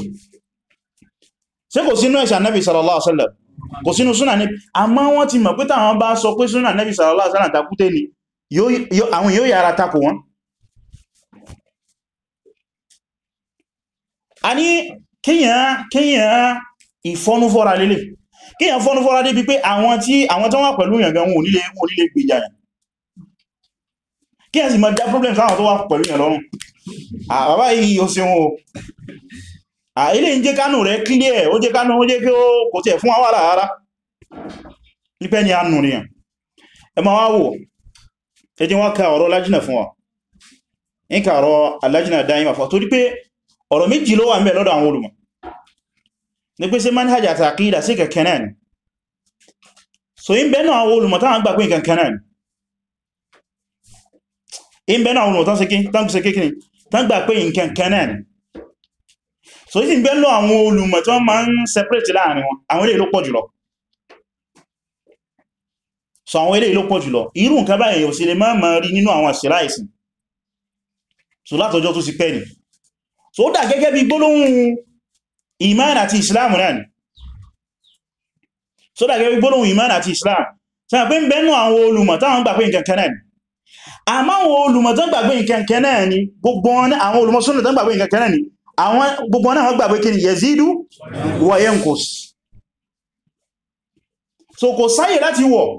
ṣe kò sínú ẹ̀ṣà nabi sallallahu alaihi wasallam kò sínú súnà nẹ́bí àmọ́ wọ́n ti mọ̀ pé táwọn bá sọ pé súnà nẹ́bí sallallahu alaihi wasallam takúté ni àwọn yóò yára takò wọn a ní kíyàn kíyàn ìfọ́núfọ́ra lélẹ̀ kíyàn fọ́núfọ́ra débi pé àwọn tí àwọn tó wà pẹ̀lú yàn gan wọn onílé wọn onílé gbèjà yàn kíyàn sì máa dá problem sáwọn tó wà pẹ̀lú yàn lọ́rùn àbábá yìí ó ṣeun o ilé ń jẹ́ kánù rẹ̀ clear ó jẹ́ kánù ó jẹ́ kí ó kò ni a nù nìyàn ẹ ma wa ní ka ọ̀rọ̀ alájìnà dáyìnwà fún torí pé ọ̀rọ̀ méjì ló wà ń bẹ lọ́dọ̀ àwọn olùmọ̀ ní pé sí manhaj àti sí kẹ̀kẹ́ so in bẹ̀nà àwọn olùmọ̀ tán gbà pé kẹ̀kẹ́ náà ni in bẹ̀nà àwọn olùmọ̀ tán sí kékeré tán gbà pé náà so in bẹ̀nà àwọn olùmọ̀ tán máa ń separate láàrin wọn àwọn eléyìí ló so àwọn eléyìí ló pọ̀ jùlọ irú nǹkan báyìí ò sí lè máa rí nínú àwọn àṣírá ìsìn so látọjọ́ tó sì pẹ́ ni so ó dà gẹ́gẹ́ bí gbólóhùn iman àti islam náà ni so ó dà gẹ́gẹ́ bí gbólóhùn iman àti islam sọ pé ń bẹnu àwọn olùmọ̀ táwọn gbàgbé nǹkan kan náà ni àmọ́ àwọn olùmọ̀ tán gbàgbé nǹkan kan náà ni gbogbo àwọn olùmọ̀ súnà tán gbàgbé nǹkan kan náà ni àwọn gbogbo náà gbàgbé kí ni yazidu wa yanqus so kò sáyè láti wọ̀ *coughs*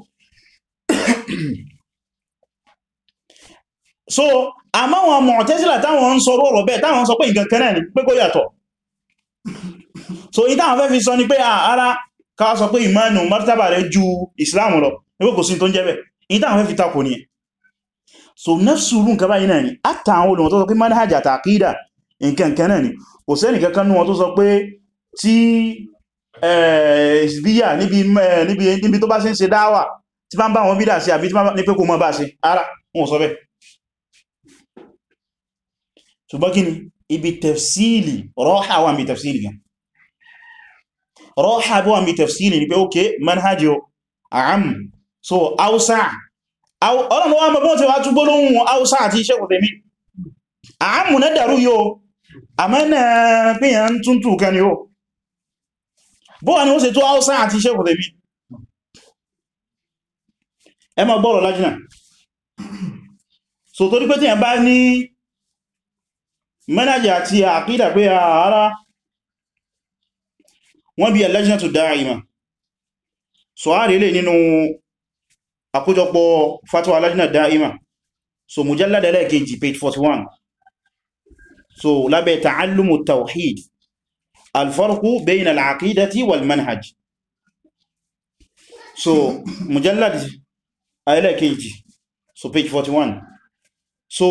so àmọ́ wọn Mu'tazila táwọn ń sọ rọ̀rọ̀ bẹ́ẹ̀ táwọn sọ pé nǹkan kan náà ni pé kó yàtọ̀ so ìta àwọn fẹ́ fi sọ ni pé ara ká sọ pé ìmánu martaba rẹ̀ ju Islam lọ ewé kò sí tó ń jẹ́ bẹ́ẹ̀ ìta àwọn fẹ́ fi takò ní ẹ̀ so nafsuru nǹkan báyìí náà ni àtàwọn olùmọ̀ tó sọ pé manhaj àtàkídà nǹkan ni kò sẹ́nì kankan nú wọn tó sọ pé tí ìsìbíyà níbi tó ara wọn sọ ṣùgbọ́n kí ni ibi tafsili rọ́ha wà mí tafsili gan rọ́ha bí wà mí tafsili ni pé ókè manhajio a'am so hausa ọ̀rọ̀ lọ́wọ́ mọ́bọ́n ti wá túgbó lóhun hausa àti iṣẹ́ kòtẹ́ mi a'am na dàrú yóò àmẹ́nà píyàn túntù kan yóò bọ́wà ni ó ṣe tó hausa àti iṣẹ́ kòtẹ́ mi ẹ ma gbọ́rọ̀ lájínà so torí tí yàn bá ní mẹ́nàjì àti àkídà pé ah, ara wọ́n bí al-lajnatu da'ima so a rí lè nínú àkójọpọ̀ fatwa al-lajnatu da'ima so mujallad ẹlẹ́kejì page 41 so lábẹ́ ta'allumu tawhid al-farqu bayna al-aqidati wal-manhaj so mujallad ẹlẹ́kejì so page 41 so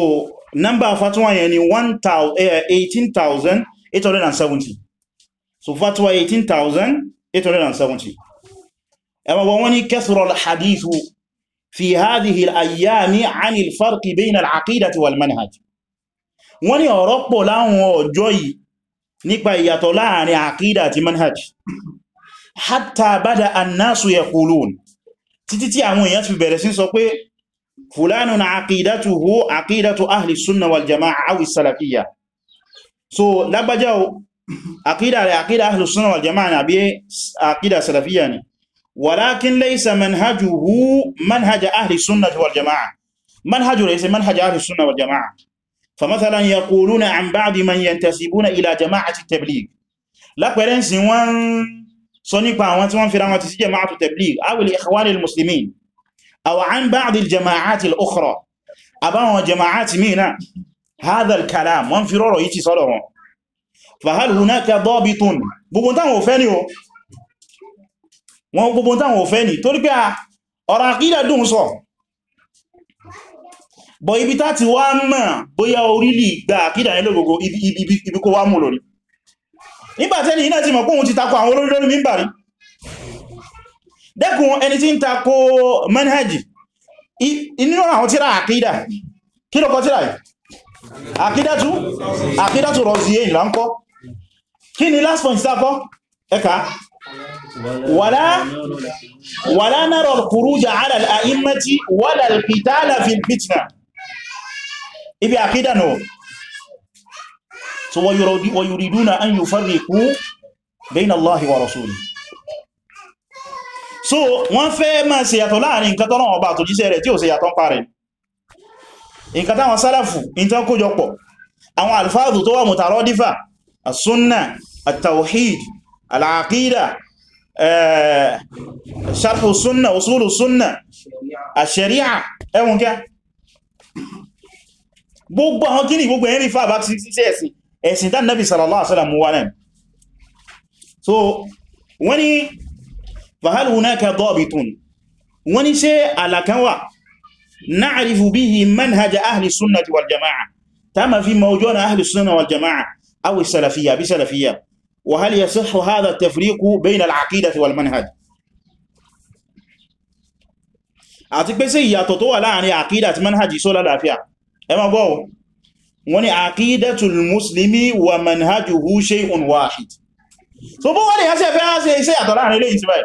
nọ́mbà fatuwa yẹn ni 18,870 eh, so fatuwa 18,870 ẹmọ wọn ni kẹsùrọ̀ hadithu fi hadhihi al-ayyami ani al-farqi bayna al-aqidati wal-manhaj wọ́n ní ọ̀rọ̀ pọ̀ láwọn ọjọ́ yìí nípa ìyàtọ̀ láàrin àkídà àti manhaj hatta bada annasu yaqulun títí tí àwọn èèyàn fi bẹ̀rẹ̀ sí sọ pé فلان عقيدته عقيدة أهل السنة والجماعة أو السلفية so lágbájá o عقيدة عقيدة أهل السنة والجماعة نبي عقيدة سلفية يعني. ولكن ليس منهجه منهج أهل السنة والجماعة منهج ليس منهج أهل السنة والجماعة فمثلا يقولون عن بعض من ينتسبون إلى جماعة التبليغ لا قرنسي وان صنيقا وان فيرا وان تسي جماعة التبليغ أو الإخوان المسلمين أو عن بعض الجماعات الأخرى أبا جماعات مينا هذا الكلام وانفرار يتي صدره فهل هناك ضابط بقنطان وفاني wọ́n gbogbo táwọn òfẹ́ ní torí pé ọ̀rọ̀ àkídà dùn sọ bọ̀ ibi tá ti wá mọ̀ bóyá orílì gba àkídà ní lógogo ibi kó wá mú lórí nígbàtẹ́ni iná ti mọ̀ pé òun ti takọ àwọn olórin lórí mímbàrí dẹ́kun ẹni tí ń ta kó manhaji inú àwọn tíra àkídà kí lọ́kọ́ tíra yìí àkídàtú àkídàtú rọ̀zíyé ìlànkọ́ kí ni last point sákọ́ ẹka wàlá wàlá nara al-khuruja ala al-a'immati wala al-qitala fi al-fitna ibi àkídà náà so wayuriduna an yufarriqu bayna Allahi wa rasulihi so wọ́n fẹ́ máa ṣe yàtọ̀ láàrin nǹkan tọ́nà ọba àtòjíṣẹ́ rẹ̀ tí ò ṣe yàtọ̀ ń parẹ̀ nǹkan táwọn sálàfù ìtàn kójọpọ̀ àwọn alfáàdù tó wà mùtàrọ́dífà as-sunna at-tawhid al-aqida eh, sharhu sunna usulu sunna ash-sharia ẹwùn kẹ́ gbogbo àwọn kíní gbogbo ẹ̀rí fà فهل هناك ضابط ونشي على كوا نعرف به منهج أهل السنة والجماعة تم في موجون أهل السنة والجماعة أو السلفية بسلفية وهل يصح هذا التفريق بين العقيدة والمنهج أعطيك بس إياه تطول عن عقيدة منهج سولة الأفياء أما بو وني عقيدة المسلم ومنهجه شيء واحد فبو ولي هسي فيها سيئة طلعني ليه سبايل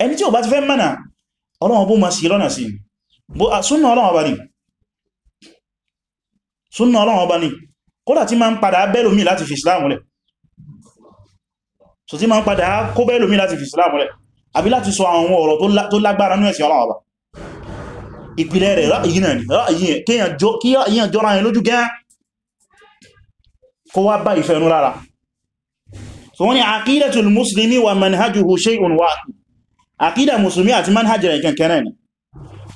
ẹni tí ó bá ti fẹ́ mẹ́nà ọlọ́wọ́ bó ma sí lọ́nà sí súnnà ọlọ́wọ́ bá ní súnnà ọlọ́wọ́ bá ní kódà tí ma ń padà bẹ́lòmí láti fi Islam lẹ̀ so tí ma ń padà kó bẹ́lòmí láti fi Islam lẹ̀ àbí láti sọ àwọn ọ̀rọ̀ tó lágbára nú ẹ̀sìn ọlọ́wọ́ bá ìpìlẹ̀ rẹ̀ àkídà musulmi àti manhaj rẹ̀ kẹ̀kẹ̀rẹ̀ ni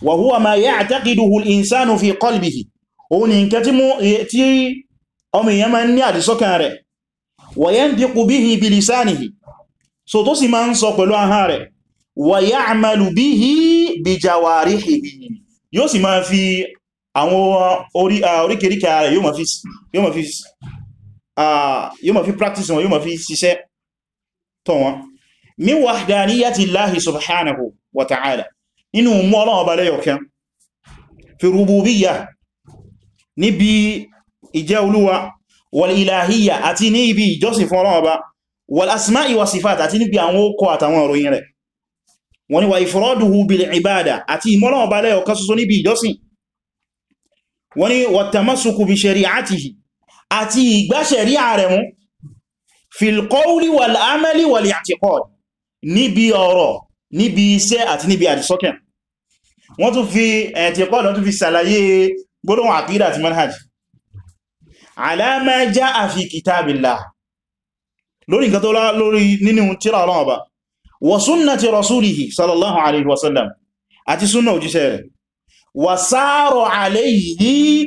wa huwa ma ya'taqiduhu al-insanu fi qalbihi òun ni nkẹ tí ọmọ èèyàn ma ń ní àdìsọ́kàn rẹ̀ wa yantiqu bihi bilisanihi so tó sì ma ń sọ pẹ̀lú ahọ́n rẹ̀ wa ya'malu bihi bijawarihihi yóò sì ma fi àwọn oríkèríkè rẹ̀ yóò ma fi practice wọn yóò ma fi ṣiṣẹ́ tọ̀ wọn min wahdaniyati Allahi subhanahu wa ta'ala nínú mú ọlọ́wọ́ bá lẹ́yọ̀kẹ́ fi rububiyyah níbi ìjẹ́ olúwa wal ilahiyya àti ní ibi ìjọsìn fún ọlọ́wọ́ bá wal asma'i wa sifat àti níbi àwọn okọ àtàwọn ìròyìn rẹ̀ wọ́n ni wa ifraduhu bil ibada àti ìmọ́lọ́wọ́ bá lẹ́yọ̀kẹ́ níbi ọ̀rọ̀ níbi iṣẹ́ àti níbi àdìsọ́kàn wọ́n tún fi ẹ̀tẹ̀kọ́ eh, lọ́tún fi sàlàyé gbólóhùn àkídà àti manhaj ala ma jaa fi kitabillah lórí nǹkan tó lá lórí nínú tírà Ọlọ́run Ọba wa sunnati rasulihi sallallahu alaihi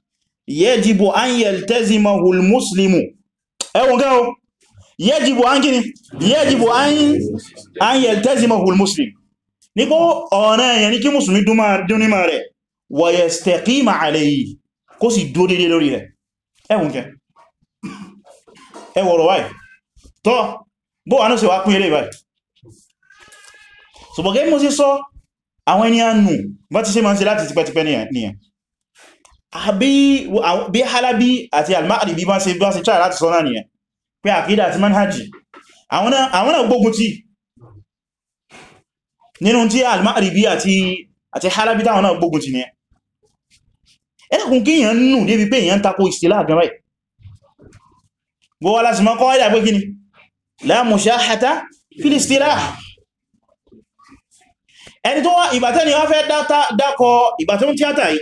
yẹ́jìbò an yẹ̀ltẹ́zìmọ̀ hulmuslimu ẹwọ̀n gẹ́ o yẹ́jìbò an gini yẹ́jìbò an yẹ̀ltẹ́zìmọ̀ hulmuslimu ní kó ọ̀nà ẹ̀yẹn ní kí musulmi dúnmà rẹ̀ wa yastaqima alayhi kó sì dúó dédé lórí rẹ̀ ẹwọ̀n gẹ́ ẹwọ̀rọ̀ wáyìí tọ́ bó wà ní ṣe wá pín eré báyìí ṣùgbọ́n gẹ́ mú sí sọ àwọn ẹni ànù bá ti ṣe máa ń ṣe láti tipẹ́tipẹ́ nìyẹn bí halabi àti al-ma'ribi bá ṣe bá ṣe try láti sọ́nà nìyẹn pé àkídà àti manhaji àwọn náà gbógun ti nínú tí al-ma'ribi àti halabi táwọn náà gbógun ti ní ẹ̀lẹ́kùn kí èyàn nù débi pé èyàn tako ìsìlá àgbà báyìí gbogbo aláti mọ́ kọ́ ẹ̀dà pé kíni la mushahata fil istilah ẹni tó wá ìbátẹ́ni wá fẹ́ dákọ ìbátẹ́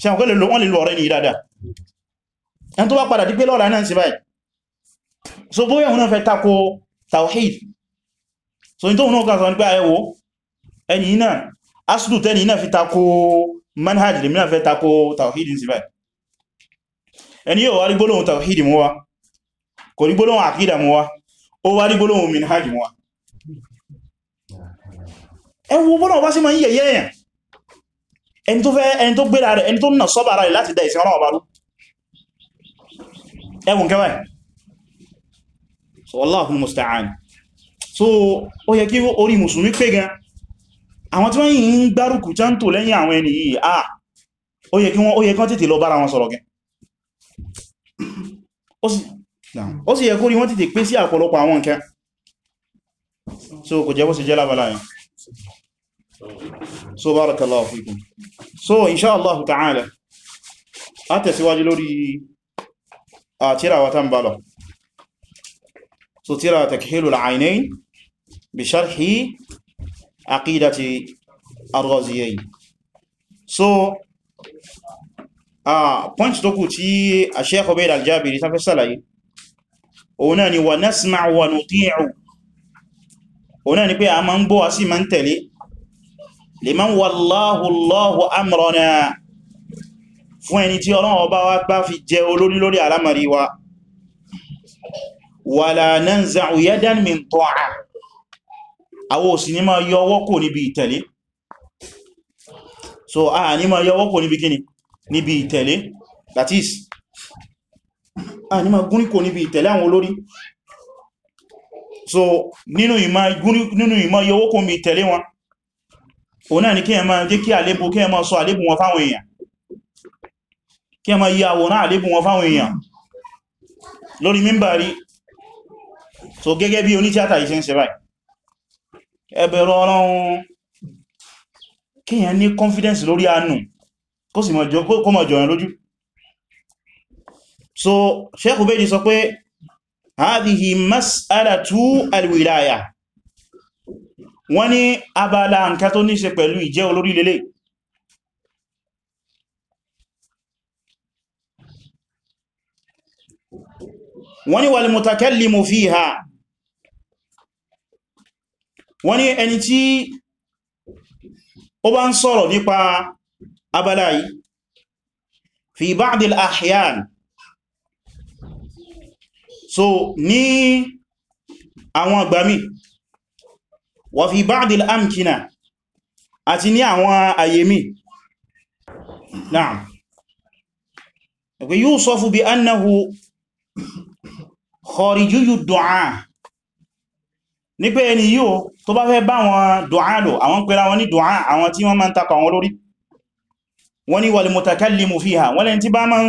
ṣe àwọn kẹ́lẹ̀ wọ́n lè lọ ọ̀rẹ́ ní ìdádá ẹn tó bá padà dípé lọ́la náà sí báyìí so bóyá òun tawhid so ní tó òun náà kàzọ nípa ẹwọ ẹni náà asùdù tẹ́ni náà fi tako manhaj lè tawhid sí báyìí ẹni yóò wá rí gbólóhùn tawhid mú wa kò rí gbólóhùn àkídà mú wa ó wá rí ẹni tó fẹ́ ẹni tó gbéra rẹ̀ ẹni tó nà sọ́bà ara rẹ̀ láti dá ìsìn ọlọ́wọ́ bá rú ẹwùn kẹwà ẹ̀ so wallahu musta'an so ó yẹ kí orí mùsùlùmí pé gan àwọn tí wọ́n yìí ń gbárùkù tán tó lẹ́yìn àwọn ẹni yìí à ó yẹ kí wọ́n ó yẹ kí wọ́n tètè lọ bára wọn sọ̀rọ̀ gan ó sì yẹ kórí wọ́n tètè pé sí àpọ̀lọpọ̀ àwọn nǹkan so kò jẹ́ bó sì jẹ́ lábàlá so barakallahu fikum so inshallah ta'ala a tẹ̀síwájú lórí a tírà wa tán balọ̀ so tírà takhilul aynayn bi sharhi aqidati ar-Raziyayn so a point tó kù tí a Shaykh Ubayd al-Jabiri ta fẹ́ sàlàyé òun náà ni wa nasma'u wa nuti'u òun ni pé a ma ń gbọ́ a sì ma ń tẹ̀lé liman wallahu Allahu amrana fún ẹni tí ọlọ́run ọba wá bá fi jẹ olórí lórí àlámọ̀rí wa wala nanza'u yadan min ta'a àwọ̀ òsì ní máa yọwọ́ kò níbi ìtẹ̀lé so a ní máa yọwọ́ kò níbi kíni níbi ìtẹ̀lé that is a ní máa gúnrí kò níbi ìtẹ̀lé àwọn olórí so nínú ìmá yọwọ́ kò níbi ìtẹ̀lé wọn òun náà ni kí ẹ máa jẹ́ kí àlébù kí ẹ máa sọ àlébù wọn fáwọn èèyàn kí ẹ máa yí àwòrán àlébù wọn fáwọn èèyàn lórí mímbàrí so gẹ́gẹ́ bí onítíátà yìí ṣe ń ṣe báyìí ẹ bẹ̀rù Ọlọ́run kí èèyàn ní confidence wọ́n ní abala nǹkan tó níṣe pẹ̀lú ìjẹ́ olórí lélẹ̀ wọ́n ní wal mutakallimu fiha wọ́n ní ẹni tí ó bá ń sọ̀rọ̀ nípa abala yìí fi ba'd ahyan so ní àwọn àgbàmí wà fi ba'd al-amkina àti ní àwọn àyèmí na'am yusafu bi annahu kharijiyyu du'a ní pé ẹni yíò tó bá fẹ́ bá wọn du'a lò àwọn pẹ̀lá wọn ní du'a àwọn tí wọ́n máa ń takọ̀ wọn lórí wọ́n ni wal mutakallimu fiha wọ́n lẹ́ni tí bá máa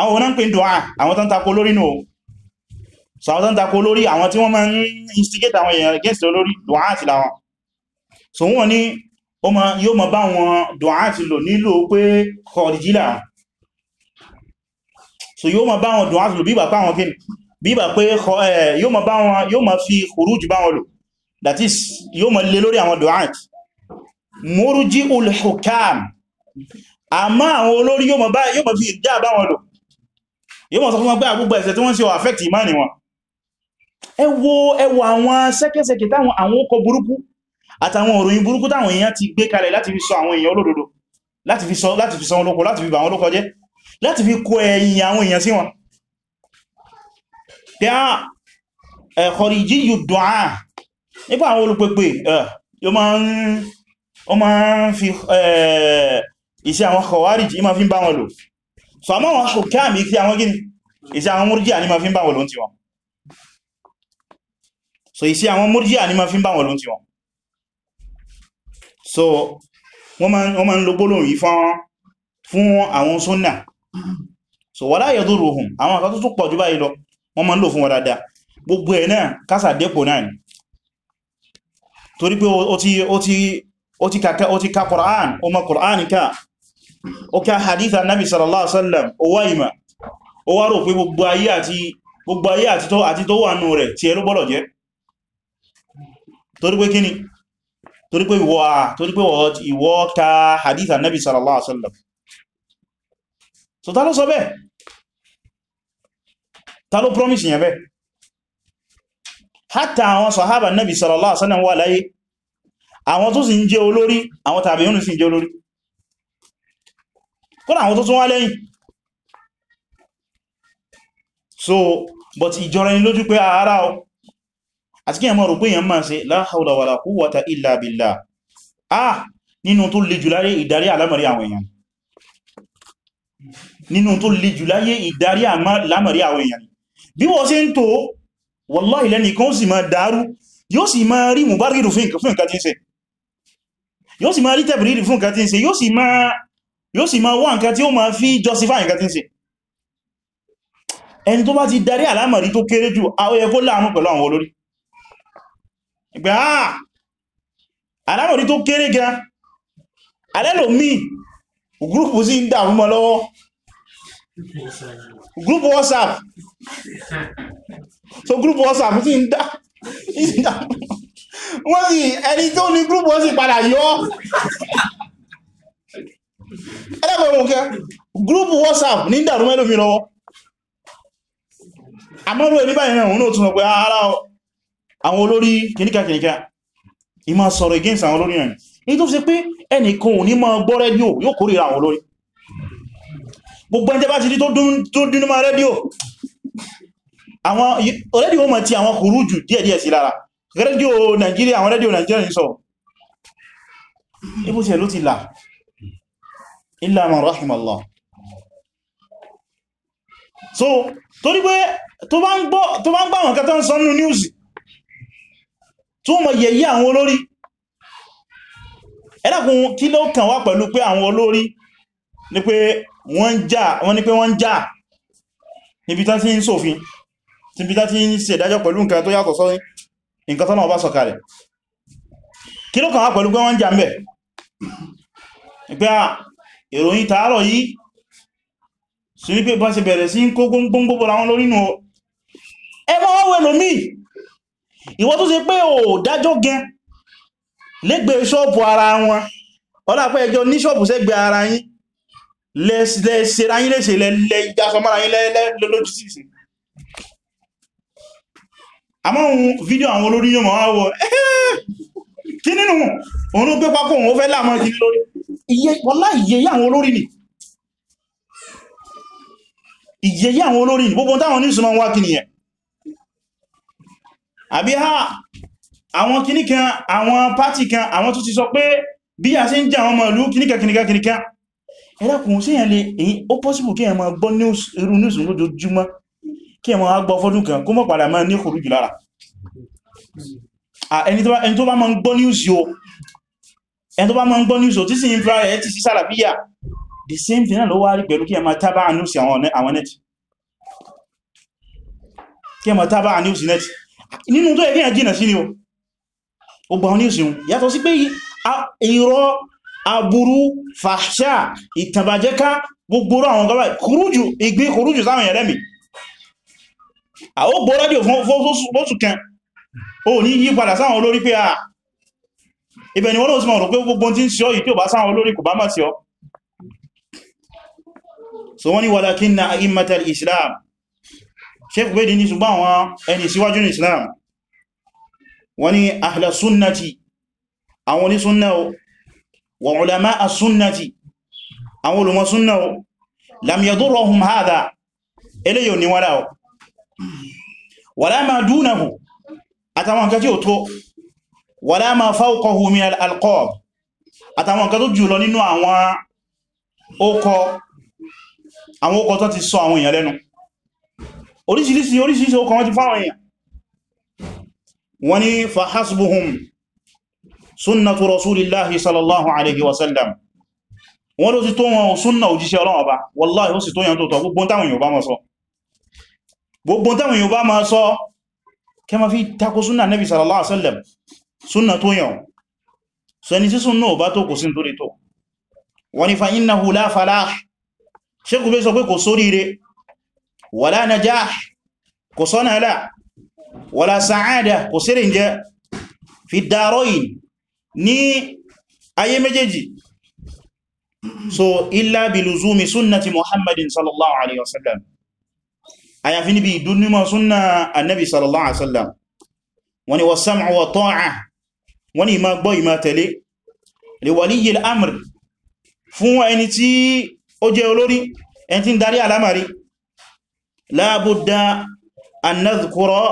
àwọn òun náà pè dùn àwọn tán tako lórí nù so àwọn tán tako lórí àwọn tí wọ́n máa ń instigate àwọn èèyàn gẹ́ẹ̀sì lórí dùn àti láwọn so wọ́n ní yóò mọ bá wọn dùn àti lò nílò pé kọ̀dìjílà so yóò mọ bá wọn dùn àti lò bíbà pé àwọn kíni bíbà pé yóò mọ bá yóò mọ fi khuruj bá wọn lò that is yóò mọ lé lórí àwọn dùn àti murji ul hukam àmọ́ àwọn olórí yóò mọ̀ fi ìdá àbáwọn lò yóò mọ̀ sọ fún wọn pé àgbúgbà ah, tí wọ́n ń ṣe affect ìmáni wọn ẹ wo àwọn sẹ́kẹ́sẹ́kẹ́ táwọn àwọn okọ̀ burúkú àtàwọn òròyìn burúkú táwọn èèyàn ti gbé kalẹ̀ láti fi sọ àwọn èèyàn olódodo láti fi sọ láti láti fi bà wọn lò so àmọ́ wọn ṣòkáàmì ìsí àwọn gíní ìsí àwọn múrjíà ní ma fi ń bá wọn lóun ti wọn so ìsí àwọn múrjíà ní ma fi ń bá wọn lóun ti wọn so wọ́n ma ń lo yìí fún àwọn súnnà so wala yaduruhum àwọn àkàtún tó pọ̀ jù báyìí lọ wọ́n ma ń lò fún wọn dáadáa ó ká hadith annabi sallallahu alaihi wasallam ó wá ìmà ó wá rò pé gbogbo ayé àti tó àti tó wà nù rẹ̀ tí ẹlú gbọ́dọ̀ jẹ́ torí pé kíni torí pé ìwọ torí pé ìwọ ká hadith annabi sallallahu alaihi wasallam so ta ló sọ bẹ́ẹ̀ ta ló promise yẹn bẹ́ẹ̀ àwọn tó sì ń jẹ́ olórí àwọn tàbí yónú sì ń jẹ́ olórí kọ́nà àwọn tó tún wá lẹ́yìn so but ìjọra ni lójú pé ara ọ àti kí ẹmọ rò pé èyàn máa ṣe la hawla wala quwwata illa billah ah nínú tó lè jùláyé ìdarí àlámọ̀rí àwọn èèyàn nínú tó lè jùláyé ìdarí àlámọ̀rí àwọn èèyàn bí wọ́n ṣe ń tó wallahi lẹ́nìkan sì máa dàrú yóò sì máa rí mùbárìrù fún nǹkan yóò sì máa rí tẹ̀bìrì fún nǹkan yóò sì máa yóò sì máa wá nǹkan tí ó máa fi justify nǹkan tí ń ṣe ẹni tó bá ti darí àlámọ̀rí tó kéré jù àwọn ẹkó láàánú pẹ̀lú àwọn olórí ìgbà àà àlámọ̀rí tó kéré gan alẹ́lò mí gúrùpù sí ń dààmú mọ́ lọ́wọ́ gúrùpù whatsapp so gúrùpù whatsapp sí ń dààmú wọ́n sì ẹni tó ní gúrùpù wọ́n sì padà yọ́ ẹlẹ́gbẹ̀ ohun kẹ́ gúrùpù whatsapp ní dàrú mẹ́lú mi lọ́wọ́ àmọ́rú ẹni báyìí náà òun tún pé ah, ara àwọn olórí kìníkàkìníkà ìmá sọ̀rọ̀ against àwọn olórí náà ní tó fi ṣe pé ẹnìkan ò ní máa gbọ́ rẹ́díò yóò kórìíra àwọn olórí gbogbo ẹni bá ti rí tó dúnú máa rẹ́díò àwọn rẹ́díò mọ̀ ti àwọn kòrú jù díẹ̀díẹ̀ sí lára rẹ́díò Nàìjíríà àwọn rẹ́díò Nàìjíríà illa man rahimallah so torí pé tó bá ń gbà wọn kẹta ń sọ nínú níwùsì tó mọ̀ yẹ̀yẹ́ àwọn olórí ẹ̀dàkùn kí ló kàn wá pẹ̀lú pé àwọn olórí ní pé wọ́n ń jà níbi tán tí ń ṣòfin níbi tán tí ń ṣèdájọ́ pẹ̀lú nǹkan tó yàtọ̀ sọ́rí nǹkan tọ́nà ọba sọ̀kalẹ̀ kí ló kàn wá pẹ̀lú pé wọ́n ń ń bẹ̀ ìròyìn tààrọ̀ yìí sí wípé bá ṣe bẹ̀rẹ̀ sí ń kó gbóngbóngbò láwọn lórí nù ẹ mọ́ wọ́wẹ́ lómí ìwọ tó ṣe pé ò dájọ́ gẹn lẹ́gbẹ̀ẹ́ ṣọ́ọ̀pù ara wọn ọlápẹ́ ẹjọ́ ní ṣọ́ọ̀pù sẹ́gbẹ̀ ara yín lẹ́ṣẹ̀ra yín lẹ́ṣẹ̀ lẹ́ ìjásọmọ́ra yín lẹ́lẹ́lẹ́lójúsìsì àmọ́ ohun fídíò àwọn olórin yóò mọ̀ wọ́n wọ́ kí nínú òun ló gbé pákó òun ó fẹ́ láàmọ́ kí lórí iye wọlá ìyẹyẹ àwọn olórí ni ìyẹyẹ àwọn olórí ni gbogbo táwọn oníṣùnmọ́ wá kí nìyẹn àbí ha àwọn kan, àwọn pátì kan àwọn tó ti sọ pé bí a ṣe ń jẹ àwọn ọmọ ìlú kìníkan kìníkan kìníkan ẹ̀dàkùn sí ẹ̀lẹ́ èyí ó pọ́síbù kí ẹ̀mọ̀ gbọ́ irú news lójoojúmọ́ kí ẹ̀mọ̀ agbọ́ fọ́dún Ah, ẹni tó bá máa ń gbọ́ news yo ẹni tó bá máa ń gbọ́ news yo tí sí infra ẹ̀ ti sí sàràbíyà the same thing náà ló wá rí pẹ̀lú kí ẹ máa tábà news àwọn net kí ẹ máa tábà news net nínú tó ẹgbẹ́ àjínà sí ni o ó gbà news yun yàtọ̀ sí pé irọ́ aburú fàṣà ìtàbàjẹ́ká gbogbo àwọn gbogbo kúrújù ìgbé kúrújù sáwọn ẹ̀rẹ́mì àwọn gbọ́ rádíò fún fóṣù kan o ní yí padà sáwọn olórí pé à ah, ibẹ̀ ni wọ́n lọ́wọ́ sí mọ̀ rò pé gbogbo tí ń ṣọ́ yìí tí ò bá sáwọn olórí kò bá mọ̀ sí ọ so wọ́n ni walakinna a'immatal islam sheikh bedi ní ṣùgbọ́n àwọn ẹni síwájú ní islam wọ́n ni ahla sunnati àwọn ní sunna àtàwọn nǹkan tí ó tó wala ma fawqahu min al-alqab àtàwọn nǹkan tó jùlọ nínú àwọn ókọ àwọn ókọ tó ti sọ àwọn èèyàn lẹ́nu oríṣìíríṣìí oríṣìíríṣìí ókọ wọ́n ti fáwọn èèyàn wọ́n ni fahasbuhum sunnatu rasulillahi sallallahu alaihi wasallam wọ́n ló ti tó wọn súnnà òjíṣẹ́ Ọlọ́run ọba kẹ ma fi tako súnà nẹ́bí sallallahu alaihi wasallam súnà tó yàn so ẹni tí súnà ò bá tó kò sí tó lè tó wọ́n ni fa innahu la falah ṣe kò bẹ́ sọ pé kò sóríire wala najah kò sọ́nà ẹlá wala sa'ada kò sí rìn jẹ fi daroin ní ayé méjèèjì so illa bi luzumi sunnati muhammadin sallallahu alaihi wasallam àyàfi níbi ìdúnnímọ̀ súnnà annabi sallallahu alaihi wasallam wọ́n ni wasam'u wa ta'a wọ́n ni ìmá gbọ́ ìmá tẹ̀lé li waliyyil amr fún ẹni tí ó jẹ́ olórí ẹni tí ń darí alamari la budda an nadhkura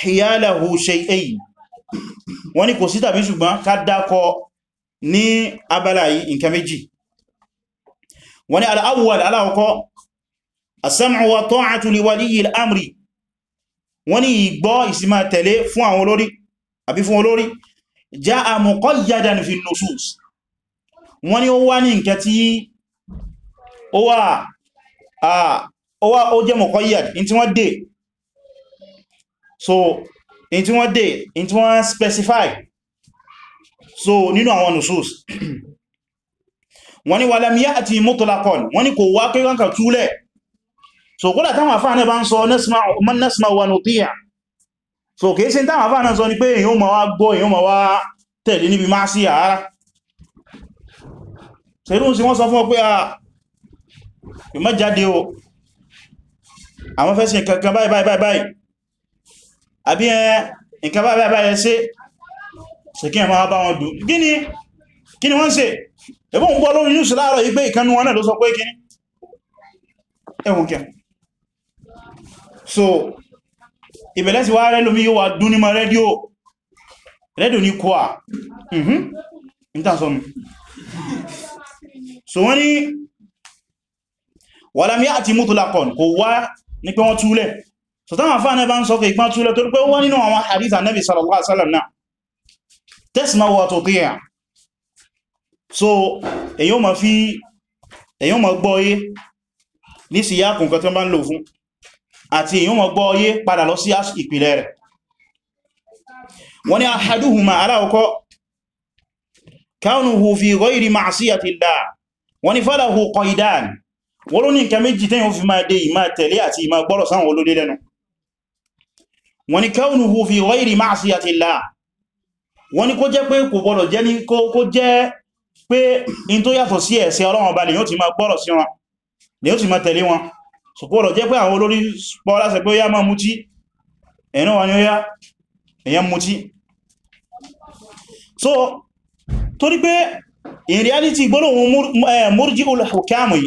hiyalahu shay'ay wọ́n ni kò sí tàbí ṣùgbọ́n ká dákọ ní abala yìí as-sam'u wa ta'atu li waliyil amri wọ́n ní ìgbọ́ ìsìmá tẹ̀lé fún àwọn olórí àbí fún olórí ja'a muqayyadan fi nusus wọ́n ní ó wá ní nǹkan tí ó wà ó jẹ́ muqayyad in tí wọ́n so in tí wọ́n dé in tí specify so nínú àwọn nusus wọ́n ní walam ya'ti mutlaqan wọ́n ní kò wá pé wọ́n kà so kódà táwọn àfáà náà bá ń sọ nẹ́sìmá wà ní òtíyà so kìí sí táwọn àfáà náà sọ ní pé èyàn ma wá gbọ́ èyàn ma wá tẹ̀lé níbi máa sí àárá sẹ́rún sí wọ́n sọ fún ọ pé a ah, ìmọ́ jáde o àwọn fẹ́ sí nǹkan báyìí báyìí báyìí àbí ẹ nǹkan báyìí kẹ́ so ìbẹ̀lẹ̀ sí wá rẹ̀ lómi yóò wà dún ní ma rédíò rédíò ní kọ́ à mhm. nítàsọ́nù so wọ́n ni wà lámí àti mútùlákọ̀n kò wá ní pé wọ́n túlẹ̀ so táwọn fáànà bá ń sọ pé ìpán túlẹ̀ torí pé wọ́n nínú àwọn hadith Ànábì sallallahu alaihi wasallam náà tasma wa so èyí ó ma fi èyí ó ma gbọ́ yé ní síyákùn kan tó àti èyàn mọ̀ gbọ́ yé padà lọ sí ìpìlẹ̀ rẹ̀ wọ́n ni ahaduhuma aláwọ̀kọ́ kaunuhu fi ghayri ma'siyatillah wọ́n ni falahu qaydan wọ́n ní nǹkan méjì tẹ́yìn fi máa dé ìmá tẹ̀lé àti ìmá gbọ́rọ̀ sáwọn olóde lẹ́nu wọ́n ni kaunuhu fi ghayri ma'siyatillah wọ́n ni kó jẹ́ pé kò gbọ́rọ̀ jẹ́ ní kó jẹ́ pé in tó sọ̀pọ̀rọ̀ jẹ́ pé àwọn olórí pọ́ láṣẹ pé ó yá máa mutí ẹ̀nà wà ní ó èyàn mutí so torí pé in reality gbọ́lọ̀wọ̀n múrjí olùhùkámi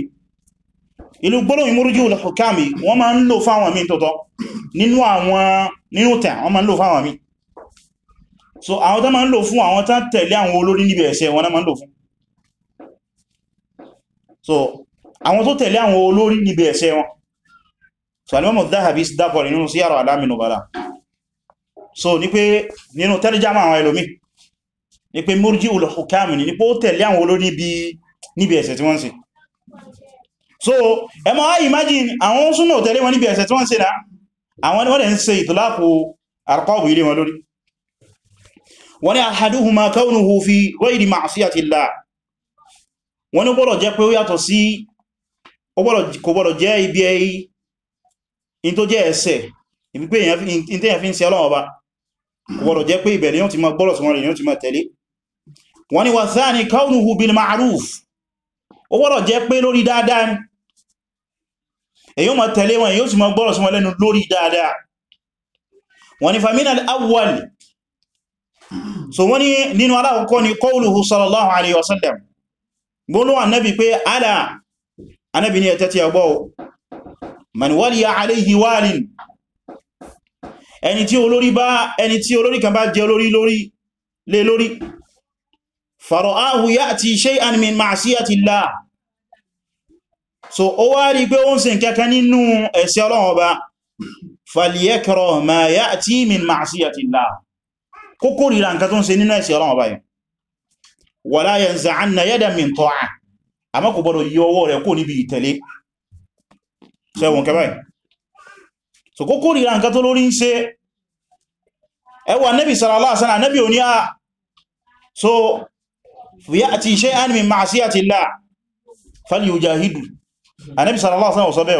ìlú gbọ́lọ̀wọ̀n múrjí olùhùkámi wọ́n máa ń lò fáwọn mi tọ́tọ́ nínú àwọn nínú tẹ̀ wọ́n máa so àwọn tán máa ń lò fún àwọn tán tẹ̀lé àwọn olórí so àwọn tó tẹ̀lé àwọn olórí níbi ẹ̀ṣẹ̀ wọn so alimọ́mù Dhahabi dápọ̀ rẹ̀ nínú Siyar A'lam an-Nubala so ní pé nínú tẹ́lẹ̀jámà àwọn ẹlòmí ní pé Murji'ul Hukam ní pé ó tẹ̀lé àwọn olórí níbi ẹ̀sẹ̀ tí wọ́n ṣe so ẹ máa imagine àwọn súnà tẹ̀lé wọn níbi ẹ̀sẹ̀ tí wọ́n ṣe náà àwọn ni wọ́n dẹ̀ ń ṣe ìtìlápò àrkọ́bù ilé wọn lórí wọ́n ni ahaduhuma kaunuhu fi ghayri ma'siyatillah wọ́n ni ó gbọ́dọ̀ jẹ́ pé ó yàtọ̀ sí kò gbọ́dọ̀ jẹ́ ibi in tó jẹ́ ẹ̀ṣẹ̀ ibi pé in tẹ́yàn fi ń ṣe Ọlọ́run Ọba gbọ́dọ̀ jẹ́ pé ìbẹ̀lẹ̀ yóò ti ma gbọ́rọ̀ sí wọn rẹ̀ yóò ti ma tẹ̀lé wọ́n ni wọ́n sáà ni kaunuhu bil ma'ruf ó gbọ́dọ̀ jẹ́ pé lórí dáadáa ni èyí ma tẹ̀lé wọn yóò ti ma gbọ́rọ̀ sí wọn lẹ́nu lórí dáadáa man waliya alayhi walin ẹni tí olórí bá ẹni tí olórí kan bá jẹ olórí lórí lé lórí fara'ahu ya'ti shay'an min ma'siyati Allah so ó wá rí pé ó ń ṣe nǹkankan nínú ẹ̀ṣẹ̀ Ọlọ́run Ọba falyakra ma ya'ti min ma'siyati Allah kó kórìíra nǹkan tó ń ṣe nínú ẹ̀ṣẹ̀ Ọlọ́run Ọba wala yanza'anna yadan min ta'a àmọ́ kò gbọdọ̀ yí ọwọ́ rẹ̀ kó níbi sẹ́wọ̀n kẹbàá so kó kórìíra nǹkan tó lórí ń ṣe ẹwà nẹ́bì sallallahu alaihi wasallam nẹ́bì òní a so ya'ti shay'an min ma'siyati llah falyujahidu anẹ́bì sallallahu alaihi wasallam sọ́bẹ̀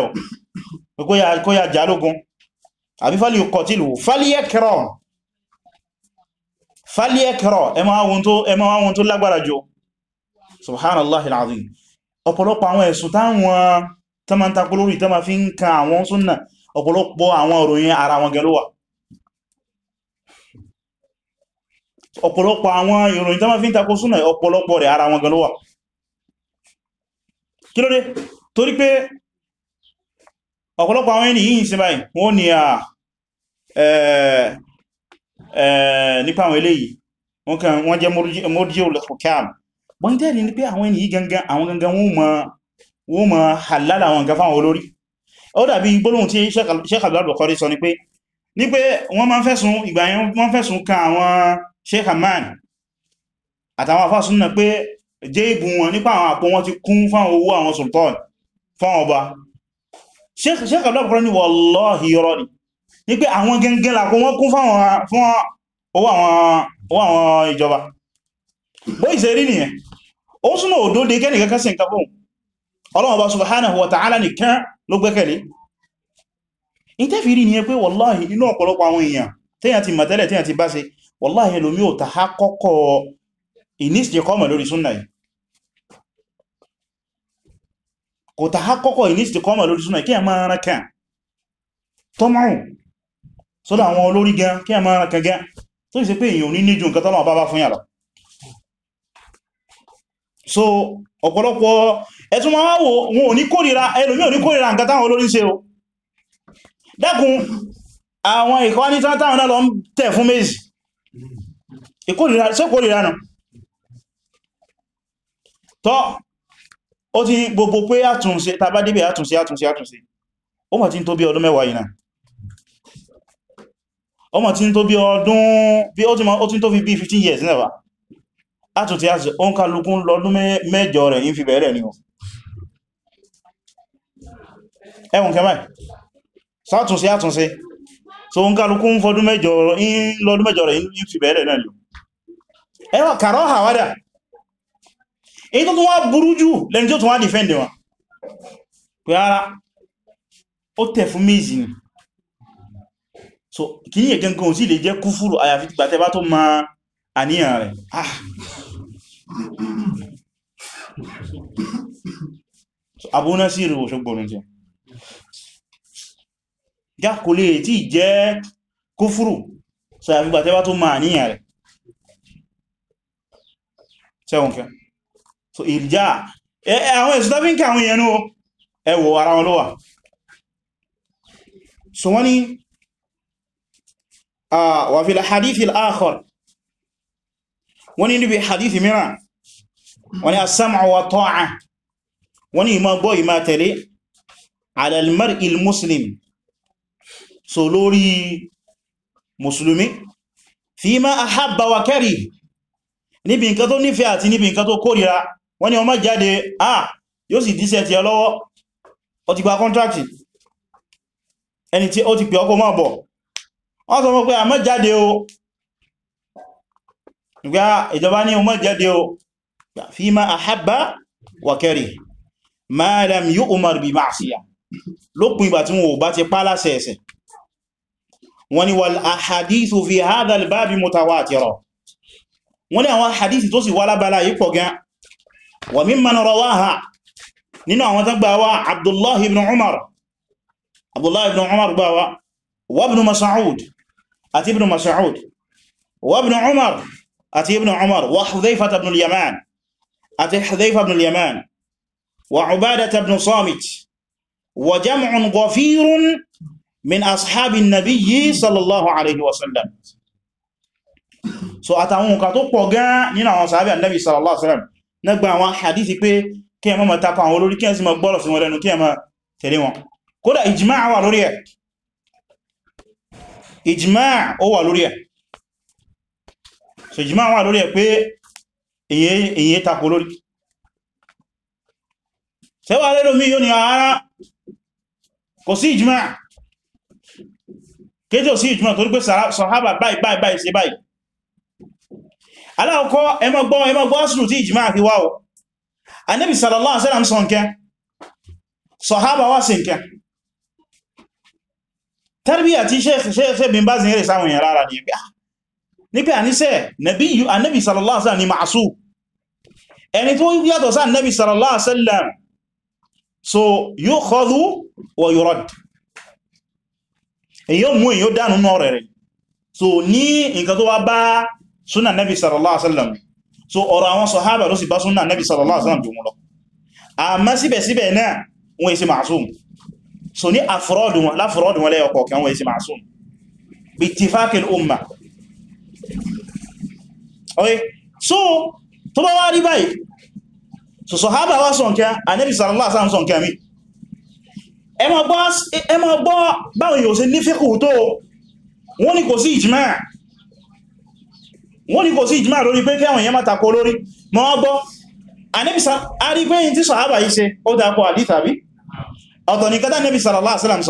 ọ̀ kó yà jálógún àbí falyuqatilu falyakram falyakram ẹmọ àwọn tó lágbára jù subhanallahi alazim ọ̀pọ̀lọpọ̀ tán ma ń takó lórí tán ma fi ń kan àwọn súnnà ọ̀pọ̀lọpọ̀ àwọn òròyìn ara wọn gẹlówà ọ̀pọ̀lọpọ̀ àwọn ìròyìn tán ma fi ń takó súnnà ọ̀pọ̀lọpọ̀ rẹ̀ ara wọn gẹlówà kí ló dé torí pé ọ̀pọ̀lọpọ̀ àwọn ẹni yìí sí báyìí wọ́n ni à wọ́n ma halala wọn gafa olórí ó dàbí gbólóhùn tí Sheikh Abdul sọ ni pé ní pé wọ́n ma fẹ̀sùn ìgbà yẹn wọ́n fẹ̀sùn kan àwọn Sheikh àtàwọn afásún náà pé jéèbù wọn nípa àwọn àpò wọn ti kún fáwọn owó àwọn sultan fáwọn ọba ó súnmọ́ òdó de kẹ́nìkẹ́kẹ́ sí nǹkan Ọlọ́run Ọba subhanahu wa ta'ala nìkan ló gbẹ́kẹ̀lé in tẹ́ fi rí ní ẹ pé wallahi inú ọ̀pọ̀lọpọ̀ àwọn èèyàn tẹ́yàn ti mọ̀tẹ́lẹ̀ tẹ́yàn ti bá ṣe wallahi ẹlòmí ò ta kọ́kọ́ ìníṣìkọ́mọ̀ lórí súnnà yìí kò ta kọ́kọ́ ìníṣìkọ́mọ̀ lórí súnnà kí ẹ máa rán so ọ̀pọ̀lọpọ̀ ẹ̀tún ma wáwò wọn ò ní kórìíra ẹlòmí ò ní kórìíra nǹkan táwọn olórin ṣe o dákun àwọn ìkọ́ ní táwọn náà lọ ń tẹ̀ fún méjì ìkórìíra ṣe kórìíra náà tọ́ ó ti gbogbo pé àtúnṣe tàbá débẹ̀ àtúnṣe àtúnṣe àtúnṣe ó mọ̀ tí ń tó bí ọdún mẹ́wàá yìí náà ó mọ̀ tí ń tó bí ọdún bí ó ti tó fi bí 15 years never àtúnṣe àtúnṣe ó ń kálukú lọ́dún mẹ́jọ rẹ̀ ní fi bẹ̀rẹ̀ ni o ẹwùn kẹmẹ́ sátúnsí átúnsí so n kálukú ń fọdún mẹ́jọ in lọ́dún mẹ́jọ rẹ̀ in fi bẹ̀rẹ̀ náà lò ẹwà kàrọ́ àwádà èyí tó tún wá burú jù lẹ́ni tó tún wá dìfẹ́ndì wọn pé ara ó tẹ̀ fún méjì ni so kì í yẹ gẹ́gẹ́ sí lè jẹ́ kúfúrù àyàfi gbàtẹ́ bá tó ma àníyàn rẹ̀ ah so abúná sí ìrìwò ṣogbòrò jẹ́ já kò lè tí jẹ́ kúfúrù so àfígbà tẹ́bá tó máa níyàn rẹ̀ sẹ́wọ̀n kẹ́ so ìrìjá àwọn èsù tàbí ń kí àwọn èèyàn ẹwọ̀ ara wọn lọ́wà so wọ́n ni wà fi hadithi al-akhar wọ́n ni níbi hadithi mìíràn wọ́n ni as-sam'u wọ́n ni ìmọ̀ gbọ́ ìmọ̀ tẹ̀lé al-mar'i muslim so lórí mùsùlùmí fi ma ahabba wa kari níbi nǹkan tó nífẹ̀ẹ́ àti níbi nǹkan tó kórìíra wọ́n ní ó máa jáde ah yóò sì díṣẹ́ ti ẹ lọ́wọ́ ó ti gba kọ́ntrakti ẹni tí ó ti pè ọkọ̀ máa bọ̀ wọ́n sọ mọ́ pé àmọ́ lópin ìgbà tí wọn ò bá ti pá wọ́n ni wal ahadithu fi hadha al-babi mutawatira wọ́n ni àwọn hadithi tó sì wá lábàlá yìí pọ̀ gan wa mimman rawaha nínú àwọn tán gbà wá abdullahi ibn umar abdullahi ibn umar gbà wá wa ibn mas'ud àti ibn mas'ud wa ibn umar àti ibn min ashabi nabiyyi sallallahu alaihi wasallam so àtàwọn nǹkan tó pọ̀ gan nínú àwọn sàábí annabi sallallahu alaihi wasallam nígbà àwọn hadithi pé kí ẹ má ma takọ àwọn olórí kí ẹ sì ma gbọ́rọ̀ sí wọn lẹ́nu kí ẹ má tẹ̀lé wọn kódà ijma wà lórí ẹ̀ ijma ó wà lórí ẹ̀ so ijma wà lórí ẹ̀ pé èyí takọ lórí sẹ́wà lẹ́lòmí yóò ní ara kò sí ijma kéjì ò sí ìjúmọ̀ torí pé sàhábà báyìí báyìí báyìí ṣe báyìí aláwọ̀kọ́ ẹmọgbọ́ ẹmọgbọ́ asùlù tí ìjìmọ̀ àfi wá o anẹ́bì sallallahu alaihi wasallam sọ nkẹ́ sàhábà wá sí nkẹ́ tarbiyya tí Sheikh Bin Baz rẹ̀ sáwọn èèyàn rárá ní ẹgbẹ́ ní pé àníṣẹ́ anẹ́bì sallallahu alaihi wasallam ni ma'sum ẹni tó so yukhadhu wa èyàn mú èyàn dánú náà rẹ̀ rẹ̀ so ní nǹkan tó wá bá súnà nẹ́bí sallallahu alaihi so ọ̀rọ̀ àwọn sọ̀hábà ló sì bá súnà nẹ́bí sallallahu alaihi wasallam jùmú lọ àmá síbẹ̀síbẹ̀ náà wọ́n èsì so ní àfúrọ́dù wọn láfúrọ́dù wọn lẹ́yọkọ̀ kan wọ́n èsì màásùm bí tifakil umma okay so tó bá wá rí báyìí so sọ̀hábà wá sọ̀nkẹ́ anẹ́bí sallallahu alaihi wasallam sọ̀nkẹ́ mi ẹ máa gbọ́ ẹ máa gbọ́ báwọn yóò ṣe nífẹ́kù tó wọ́n ní kò sí ìjìmá wọ́n ní kò sí ìjìmá lórí pé kí àwọn èèyàn máa takò lórí ma wọ́n gbọ́ anẹ́bìsá a rí pé tí sàhábà yìí ṣe ó dákọ̀ àdíta bí ọ̀tọ̀ ní kátà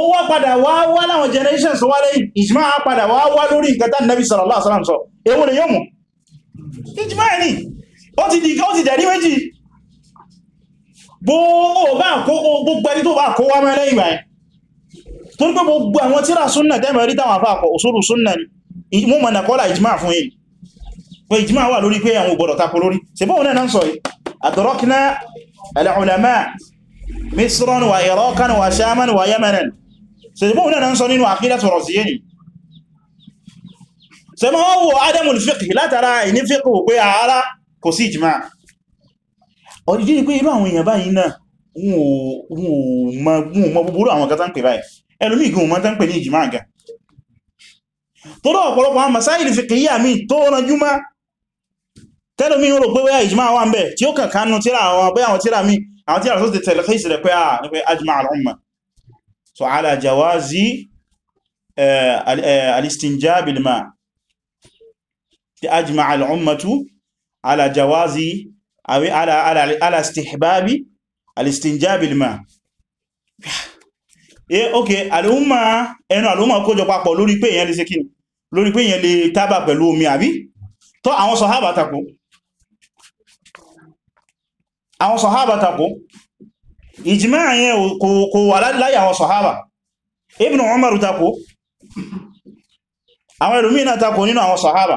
ó wá padà generations wá lẹ́yìn ìjìmá á padà wá wá lórí kátà nẹ́bì sallallahu alaihi wasallam sọ èwo lè yóò mú ìjìmá ẹni ó ti dẹ̀rí méjì gbogbo ẹni tó bá kó wá mẹ́lẹ́ ìgbà ẹ̀ tó ń pẹ́ gbogbo àwọn tíra súnnà tẹ́mẹ̀ rí táwọn àfáàkọ̀ òṣòrò súnnà ni mú mọ̀ nàkọ́lá ìjímà fún èyí pé ìjímà wà lórí pé àwọn ògbọ̀dọ̀ tapo lórí ṣe bọ́ náà sọ adrakna al-ulama misran wa irakan wa shaman wa yamanan ṣe látara ìní fiqh pé ààrá kò sí ìjímà ọdí jẹ́ pé irú àwọn èèyàn báyìí náà wọn ò mọ búburú àwọn kan tán pè báyìí ẹlòmí ìgbìmọ̀ mọ́ tán pè ní ìjìmá àga tọ́rọ ọ̀pọ̀lọpọ̀ àwọn masáìlì fiqhiyya mi tó rànjú má tẹ́lòmí ń rò pé wẹ́yà ìjìmá wà ń bẹ̀ tí ó kàn kánú tíra àwọn bẹ́ àwọn tíra mi àwọn tíra tó ti tẹ̀lé fèsì àbí alastihbabi alistinjabilma e eh, ok al'umma ẹnu al'umma kójọ papọ̀ lórí pé èyàn lè ṣe kíni lórí pé èyàn lè tábà pẹ̀lú omi àbí tó àwọn sọ̀hábà tako àwọn sọ̀hábà tako ìjìmá yẹn kò wà láyé àwọn sọ̀hábà Ibn Umar tako àwọn ẹlòmí náà tako nínú àwọn sọ̀hábà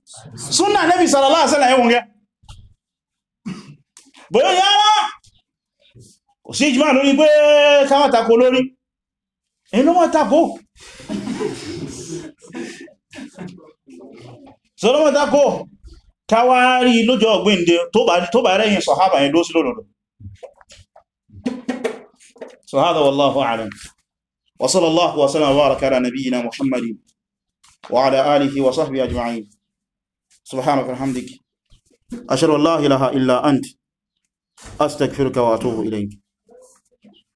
súnà nẹ́bì sallallahu alaihi wasallam ẹ̀wọ̀n gẹ́ bóyọ́ yá rá kò sí ìjìmá lórí pé káwà tako lórí inú wọ́n tako sọ́lọ́wọ́n tako káwàárí lójọ ọ̀gbìndé tó bá rẹ̀yìn sọ̀hábà yẹn ló sí lónìí سبحانه وصلى الله وسلم وبارك على نبينا محمد وعلى آله وصحبه أجمعين سبحانك وبحمدك أشهد أن لا إله إلا أنت أستغفرك وأتوب إليك